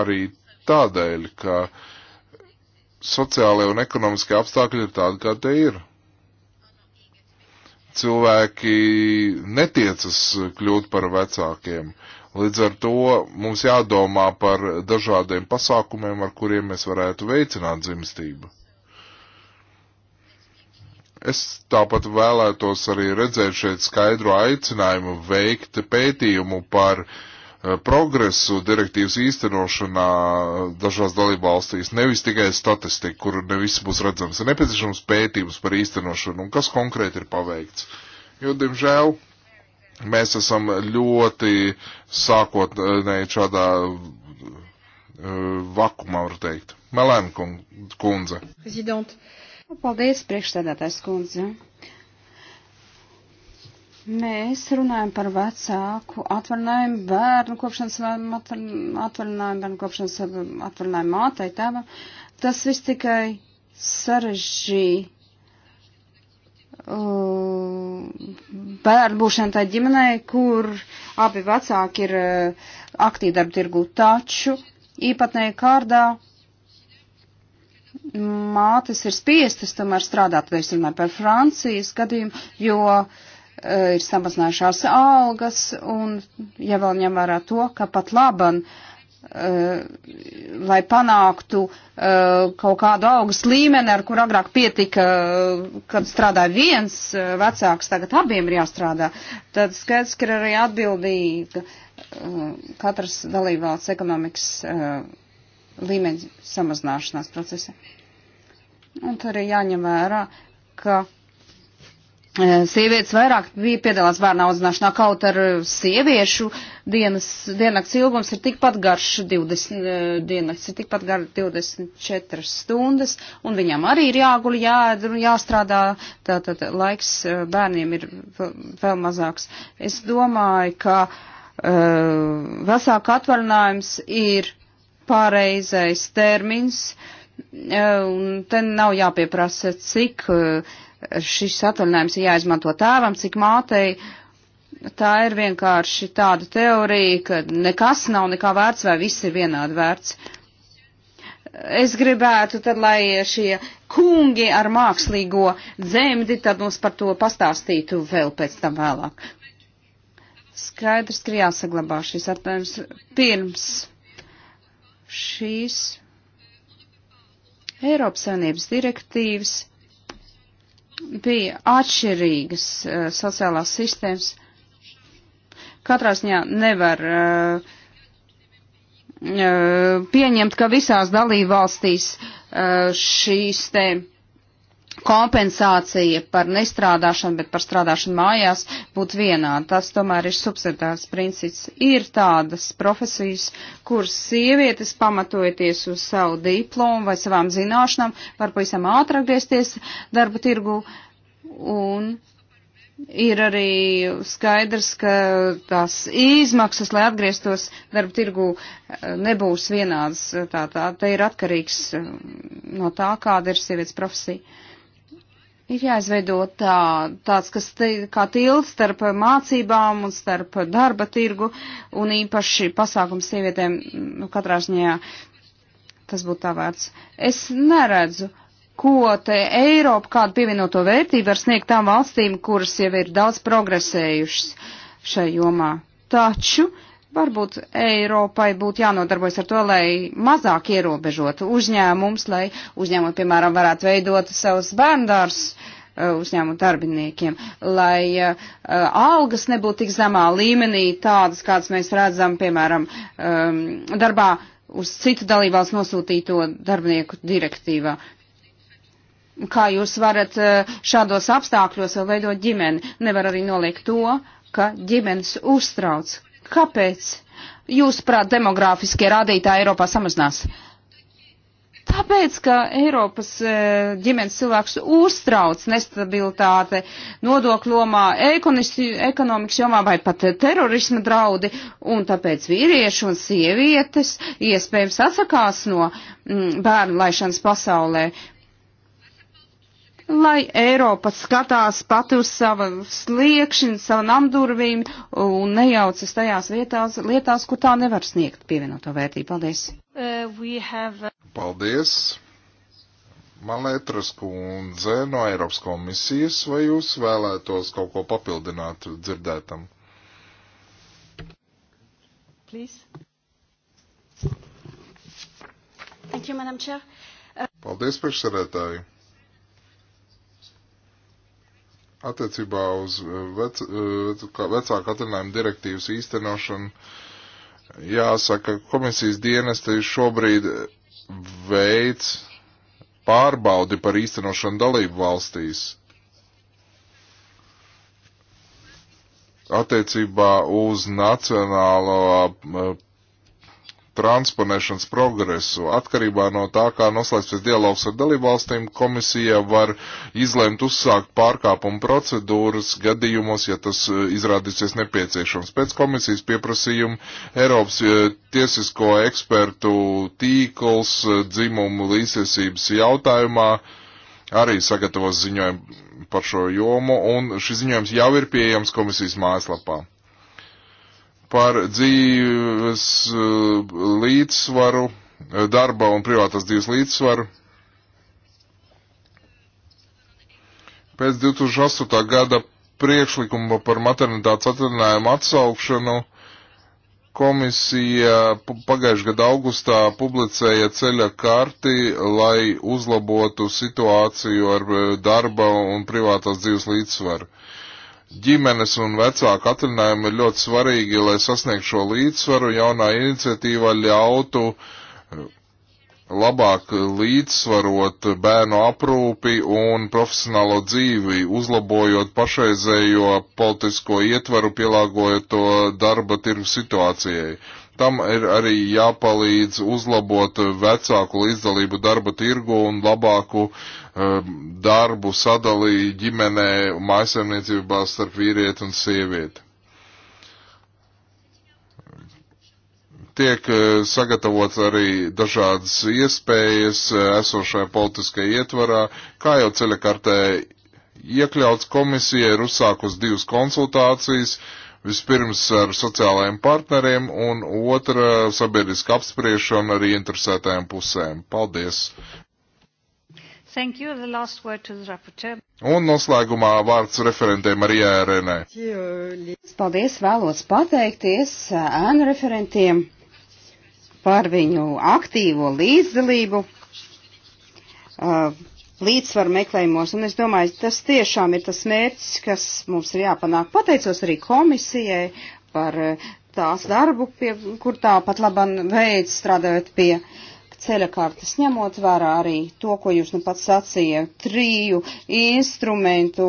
[SPEAKER 2] arī tādēļ, ka sociālajie un ekonomiskie apstākļi ir tādi, kā tie ir cilvēki netiecas kļūt par vecākiem. Līdz ar to mums jādomā par dažādiem pasākumiem, ar kuriem mēs varētu veicināt dzimstību. Es tāpat vēlētos arī redzēt šeit skaidru aicinājumu veikt pētījumu par uh, Eh, progresu direktīvas īstenošanā dažās dalībvalstīs, nevis tikai statistika, kur nevis būs redzams. Ir nepieciešams pētījums par īstenošanu un kas konkrēti ir paveikts. Jo, diemžēl, mēs esam ļoti sākotnēji šādā eh, vakumā, var teikt. Melēna kundze.
[SPEAKER 3] Prezident. Paldies, priekšsēdētājs kundze. Uh, Mēs runājam par vecāku atvaļinājumu, bērnu kopšanas atvaļinājumu, bērnu kopšanas atvaļinājumu mātei, tēvam. Tas viss tikai sarežģīja uh, bērnu būšana tā ģimenei, kur abi vecāki ir uh, aktīvi darba tirgu, taču īpatnēji kārdā mātes ir spiestas tomēr strādāt, es runāju par Francijas gadījumu, jo uh, Eh, ir samazinājušās algas, un ja vēl ņem vērā to, ka pat laban, eh, lai panāktu eh, kaut kādu augas līmeni, ar kur agrāk pietika, kad strādāja viens vecāks, tagad abiem ir jāstrādā, tad skaidrs, ka ir arī atbildīga katras dalībvalsts ekonomikas līmeņa samazināšanās procesa. Un tur ir jāņem vērā, ka E, sievietes vairāk piedalās bērnu audzināšanā, kaut ar e, sieviešu dienas, diennakts ilgums ir tikpat garš, 20 e, diennakts ir tikpat garš 24 stundas, un viņam arī ir jāguļ, jāēd un jāstrādā, tātad laiks bērniem ir vēl mazāks. Es domāju, ka uh, vesāka atvaļinājums ir pareizais termins, uh, un te nav jāpieprasa, cik uh, šis atvaļinājums ir jāizmanto tēvam, cik mātei. Tā ir vienkārši tāda teorija, ka nekas nav nekā vērts vai viss ir vienādi vērts. Es gribētu tad, lai šie kungi ar mākslīgo dzemdi tad mums par to pastāstītu vēl pēc tam vēlāk. Skaidrs, ka jāsaglabā šis atvainojums pirms šīs Eiropas Savienības direktīvas bija atšķirīgas uh, sociālās sistēmas. Katrā ziņā nevar uh, uh, pieņemt, ka visās dalībvalstīs uh, šīs tēmas kompensācija par nestrādāšanu, bet par strādāšanu mājās būtu vienāda. Tas tomēr ir subsidēts princips. Ir tādas profesijas, kuras sievietes pamatojoties uz savu diplomu vai savām zināšanām var pavisam ātri atgriezties darba tirgu un ir arī skaidrs, ka tās izmaksas, lai atgrieztos darba tirgu, nebūs vienādas. Tā, tā, tā ir atkarīgs um, no tā, kāda ir sievietes profesija ir jāizveido tā, tāds, kas te, kā tilts starp mācībām un starp darba tirgu un īpaši pasākums sievietēm nu, katrā ziņā. Tas būtu tā vērts. Es neredzu, ko te Eiropa kādu pievienoto vērtību var sniegt tām valstīm, kuras jau ir daudz progresējušas šai jomā. Taču uh, Varbūt Eiropai būtu jānodarbojas ar to, lai mazāk ierobežotu uzņēmums, lai uzņēmumi, piemēram, varētu veidot savus bērndārs eh, uzņēmumu darbiniekiem, lai uh, algas nebūtu tik zemā līmenī tādas, kādas mēs redzam, piemēram, um, darbā uz citu dalībvalsts nosūtīto darbinieku direktīvā. Kā jūs varat uh, šādos apstākļos vēl veidot ģimeni? Nevar arī noliekt to, ka ģimenes uztrauc, Kāpēc? Jūsuprāt, demogrāfiskie rādītāji Eiropā samazinās. Tāpēc, ka Eiropas e, ģimenes cilvēks uztrauc nestabilitāte nodokļomā, ekonomikas jomā vai pat terorisma draudi, un tāpēc vīrieši un sievietes iespējams atsakās no mm, bērnu laišanas pasaulē lai Eiropa skatās pati uz savu sliekšņu, savu namdurvīm un nejaucas tajās vietās, lietās, kur tā nevar sniegt pievienoto vērtību. Paldies! Uh,
[SPEAKER 1] have... Uh,
[SPEAKER 2] Paldies! Malētras kundze no Eiropas komisijas, vai jūs vēlētos kaut ko papildināt dzirdētam?
[SPEAKER 3] Please. Thank you, Madam Chair.
[SPEAKER 2] Uh... Paldies, priekšsarētāji! attiecībā uz uh, vec, uh, vecāku atrunājumu direktīvas īstenošanu. Jāsaka, komisijas dienesti šobrīd veids pārbaudi par īstenošanu dalību valstīs. Attiecībā uz nacionālo transponēšanas progresu. Atkarībā no tā, kā noslēgsies dialogs ar dalībvalstīm, komisija var izlemt uzsākt pārkāpumu procedūras gadījumos, ja tas e, izrādīsies nepieciešams. Pēc komisijas pieprasījuma Eiropas e, tiesisko ekspertu tīkls e, dzimumu līdzsiesības jautājumā arī sagatavos ziņojumu par šo jomu, un šis ziņojums jau ir pieejams komisijas mājaslapā par dzīves eh, līdzsvaru, eh, darba un privātās dzīves līdzsvaru. Pēc 2008. gada priekšlikuma par maternitātes atvaļinājumu atsaukšanu komisija pagājušajā gada augustā publicēja ceļa karti, lai uzlabotu situāciju ar eh, darba un privātās dzīves līdzsvaru ģimenes un vecāku atvaļinājumi ir ļoti svarīgi, lai sasniegtu šo līdzsvaru. Jaunā iniciatīva ļautu eh, labāk līdzsvarot bērnu aprūpi un profesionālo dzīvi, uzlabojot pašreizējo politisko ietvaru, pielāgojot to darba tirgu situācijai. Uh, tam ir arī jāpalīdz uzlabot vecāku līdzdalību darba tirgu un labāku um, darbu sadalī ģimenē un mājasemniecībā starp vīrieti un sievieti. Tiek uh, sagatavots arī dažādas iespējas uh, esošajā politiskajā ietvarā, kā jau ceļakartē iekļauts komisija ir uzsākus divas konsultācijas, uh, Vispirms ar sociālajiem partneriem un otra sabiedriska apspriešana ar interesētajām pusēm. Paldies!
[SPEAKER 3] Thank you. The last word to the rapporteur.
[SPEAKER 2] Un noslēgumā vārds referentiem Marijai Renē.
[SPEAKER 3] Paldies, vēlos pateikties ēnu referentiem par viņu aktīvo līdzdalību. Uh, līdzsvaru meklējumos, un es domāju, tas tiešām ir tas mērķis, kas mums ir jāpanāk. Pateicos arī komisijai par eh, tās darbu, pie, kur tā pat labam veids strādājot pie uh, ceļakartes, ņemot vērā arī to, ko jūs nu pats sacījāt, triju instrumentu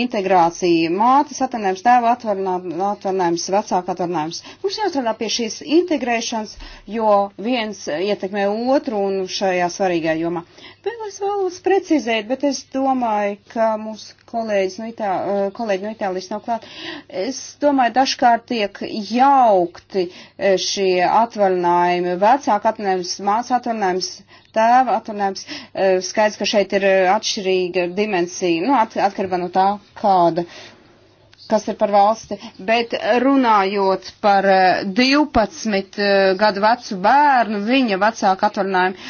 [SPEAKER 3] integrācija, mātes atvaļinājums, tēva atvaļinājums, vecāka atvaļinājums. Mums jāstrādā pie šīs integrēšanas, jo viens ietekmē otru un šajā svarīgā jomā. Vēl es vēlos precizēt, bet es domāju, ka mūsu kolēģis no, Itā, eh, kolēģi no Itālijas nav klāt. Es domāju, dažkārt tiek jaukti eh, šie atvaļinājumi, vecāka atvaļinājums, māca atvaļinājums atvaļinājums, tēva atvaļinājums. E, skaidrs, ka šeit ir e, atšķirīga dimensija, nu, at, atkarībā no tā, kāda, kas ir par valsti. Bet runājot par 12 e, gadu vecu bērnu, viņa vecāka atvaļinājumu,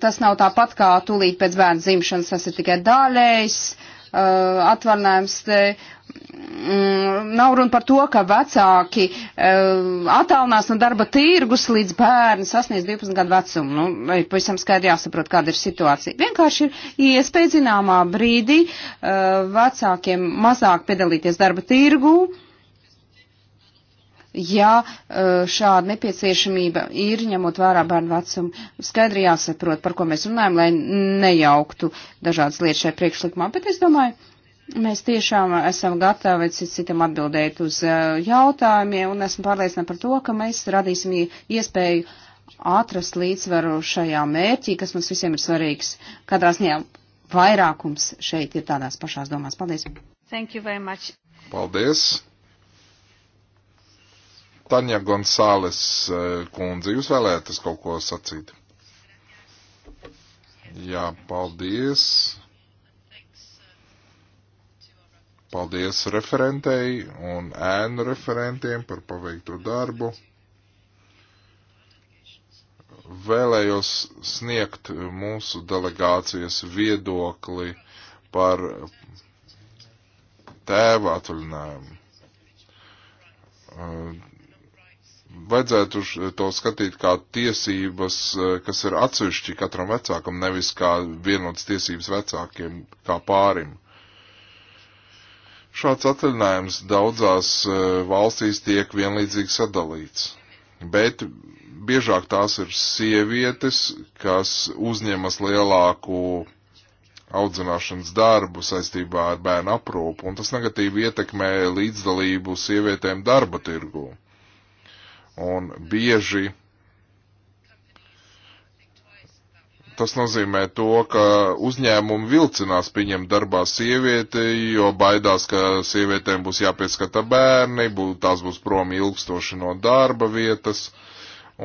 [SPEAKER 3] tas nav tāpat kā tūlīt pēc bērna dzimšanas, tas ir tikai daļējs atvaļinājums. Mm, nav runa par to, ka vecāki uh, attālinās no darba tirgus līdz bērni sasniedz 12 gadu vecumu. Nu, vai pavisam skaidri jāsaprot, kāda ir situācija. Vienkārši ir iespēja zināmā brīdī uh, vecākiem mazāk piedalīties darba tirgu, ja uh, šāda nepieciešamība ir ņemot vērā bērnu vecumu. Skaidri jāsaprot, par ko mēs runājam, lai nejauktu dažādas lietas šajā priekšlikumā. Bet es domāju, Mēs tiešām esam gatavi citam atbildēt uz eh, jautājumiem un esmu pārliecināta par to, ka mēs radīsim iespēju atrast līdzsvaru šajā mērķī, kas mums visiem ir svarīgs. Katrā ziņā vairākums šeit ir tādās pašās domās. Paldies! Thank you very much!
[SPEAKER 2] Paldies! Taņa Gonzāles eh, kundze, jūs vēlētas kaut ko sacīt? Jā, paldies! Paldies referentei un ēnu referentiem par paveikto darbu. Vēlējos sniegt mūsu delegācijas viedokli par tēva atvaļinājumu. Uh, vajadzētu to skatīt kā tiesības, uh, kas ir atsevišķi katram vecākam, nevis kā vienotas tiesības vecākiem, kā pārim. Šāds atvaļinājums daudzās e, valstīs tiek vienlīdzīgi sadalīts, bet biežāk tās ir sievietes, kas uzņemas lielāku audzināšanas darbu saistībā ar bērnu aprūpu, un tas negatīvi ietekmē līdzdalību sievietēm darba tirgu. Un bieži Tas nozīmē to, ka uzņēmumi vilcinās pieņemt darbā sievieti, jo baidās, ka sievietēm būs jāpieskata bērni, būs, tās būs prom ilgstoši no darba vietas.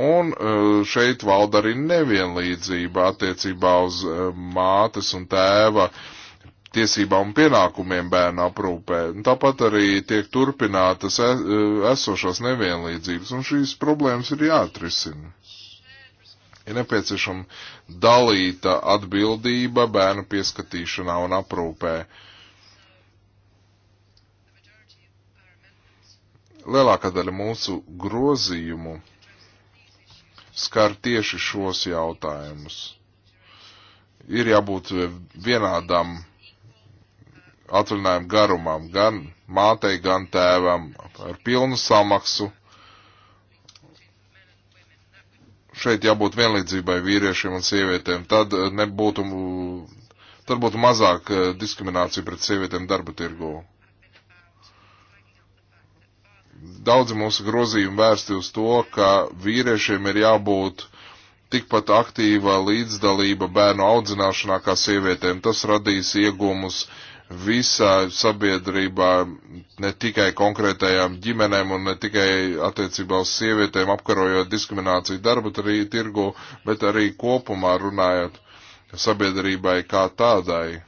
[SPEAKER 2] Un e, šeit valda arī nevienlīdzība attiecībā uz e, mātes un tēva tiesībām un pienākumiem bērnu aprūpē. Un tāpat arī tiek turpinātas e, esošās nevienlīdzības, un šīs problēmas ir jāatrisina. Ir nepieciešama dalīta atbildība bērnu pieskatīšanā un aprūpē. Lielākā daļa mūsu grozījumu skar tieši šos jautājumus. Ir jābūt vienādam atvaļinājumu garumam, gan mātei, gan tēvam ar pilnu samaksu šeit jābūt vienlīdzībai vīriešiem un sievietēm. Tad eh, nebūtu, tad būtu mazāk eh, diskriminācija pret sievietēm darba tirgu. Daudzi mūsu grozījumi vērsti uz to, ka vīriešiem ir jābūt tikpat aktīva līdzdalība bērnu audzināšanā kā sievietēm. Tas radīs iegūmus uh, visā sabiedrībā, ne tikai konkrētajām ģimenēm un ne tikai attiecībā uz sievietēm apkarojot diskrimināciju darbu tirgu, bet arī kopumā runājot sabiedrībai kā tādai.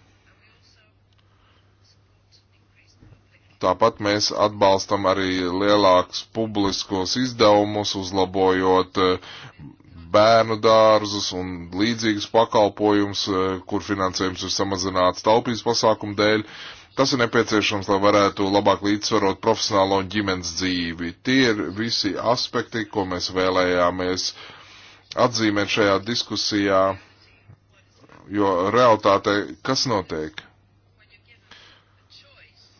[SPEAKER 2] Tāpat mēs atbalstam arī lielākus publiskos izdevumus, uzlabojot eh, bērnu dārzus un līdzīgus pakalpojumus, eh, kur finansējums ir samazināts taupības pasākumu dēļ. Tas ir nepieciešams, lai varētu labāk līdzsvarot profesionālo un ģimenes dzīvi. Tie ir visi aspekti, ko mēs vēlējāmies atzīmēt šajā diskusijā, jo realtāte, kas notiek?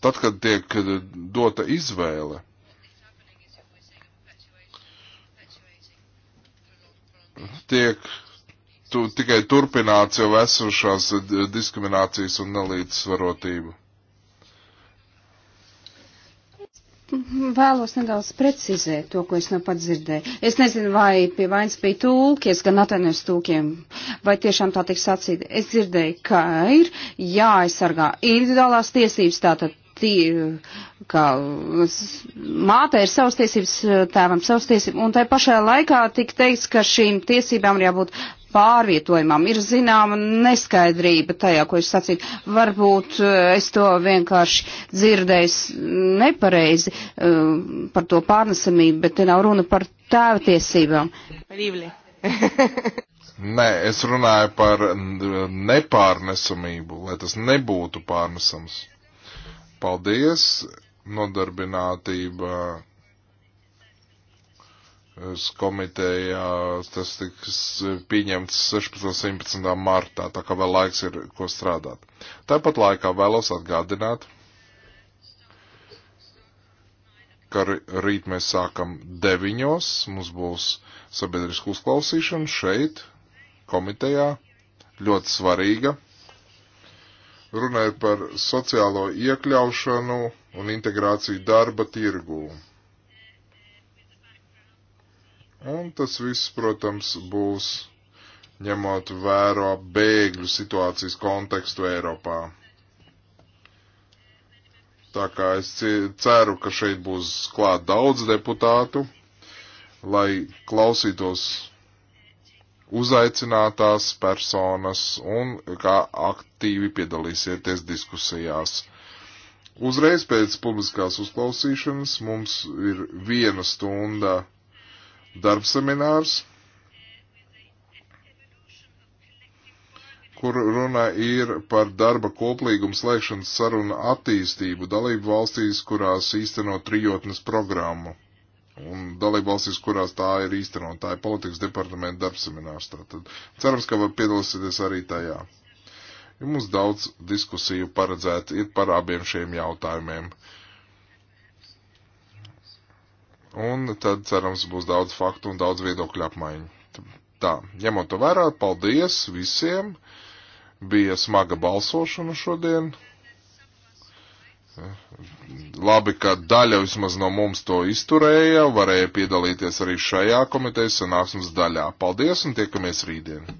[SPEAKER 2] Tad, kad tiek dota izvēle tiek tu, tikai turpināts jau esošās diskriminācijas un nelīdzsvarotība.
[SPEAKER 3] Vēlos nedaudz precizēt to, ko es nu pat dzirdēju. Es nezinu, vai pie vainas bija tūlki, es gan atvainojos tūkiem, vai tiešām tā tiks sacīta. Es dzirdēju, ka ir jāaizsargā individuālās tiesības, tātad tī, ka māte ir savas tiesības, tēvam savas tiesības, un tai pašā laikā tik teiks, ka šīm tiesībām ir jābūt pārvietojumam. Ir zināma neskaidrība tajā, ko es sacīju. Varbūt eh, es to vienkārši dzirdēju nepareizi eh, par to pārnesamību, bet te nav runa par tēvtiesībām. Parīvli. *laughs*
[SPEAKER 2] Nē, es runāju par nepārnesamību, lai tas nebūtu pārnesams. Paldies! Nodarbinātība komitejā tas tiks pieņemts 16. un 17. martā, tā kā vēl laiks ir, ko strādāt. Tāpat laikā vēlos atgādināt, ka rīt mēs sākam deviņos, mums būs sabiedriska uzklausīšana šeit, komitejā, ļoti svarīga runājot par sociālo iekļaušanu un integrāciju darba tirgū. Un tas viss, protams, būs ņemot vērā bēgļu situācijas kontekstu Eiropā. Tā kā es ceru, ka šeit būs klāt daudz deputātu, lai klausītos uzaicinātās personas un kā aktīvi piedalīsieties diskusijās. Uzreiz pēc publiskās uzklausīšanas mums ir viena stunda darbseminārs, kur runa ir par darba koplīgumu slēgšanas sarunu attīstību dalību valstīs, kurās īsteno trijotnes programmu un dalībvalstīs, kurās tā ir īstenot. Tā ir politikas departamenta darbs seminārs. Tātad cerams, ka var piedalīties arī tajā. Ja mums daudz diskusiju paredzēt ir par abiem šiem jautājumiem. Un tad, cerams, būs daudz faktu un daudz viedokļu apmaiņu. Tā, ņemot to vērā, paldies visiem. Bija smaga balsošana šodien. Labi, ka daļa vismaz no mums to izturēja, varēja piedalīties arī šajā komitejas sanāksmes daļā. Paldies un tiekamies rītdien!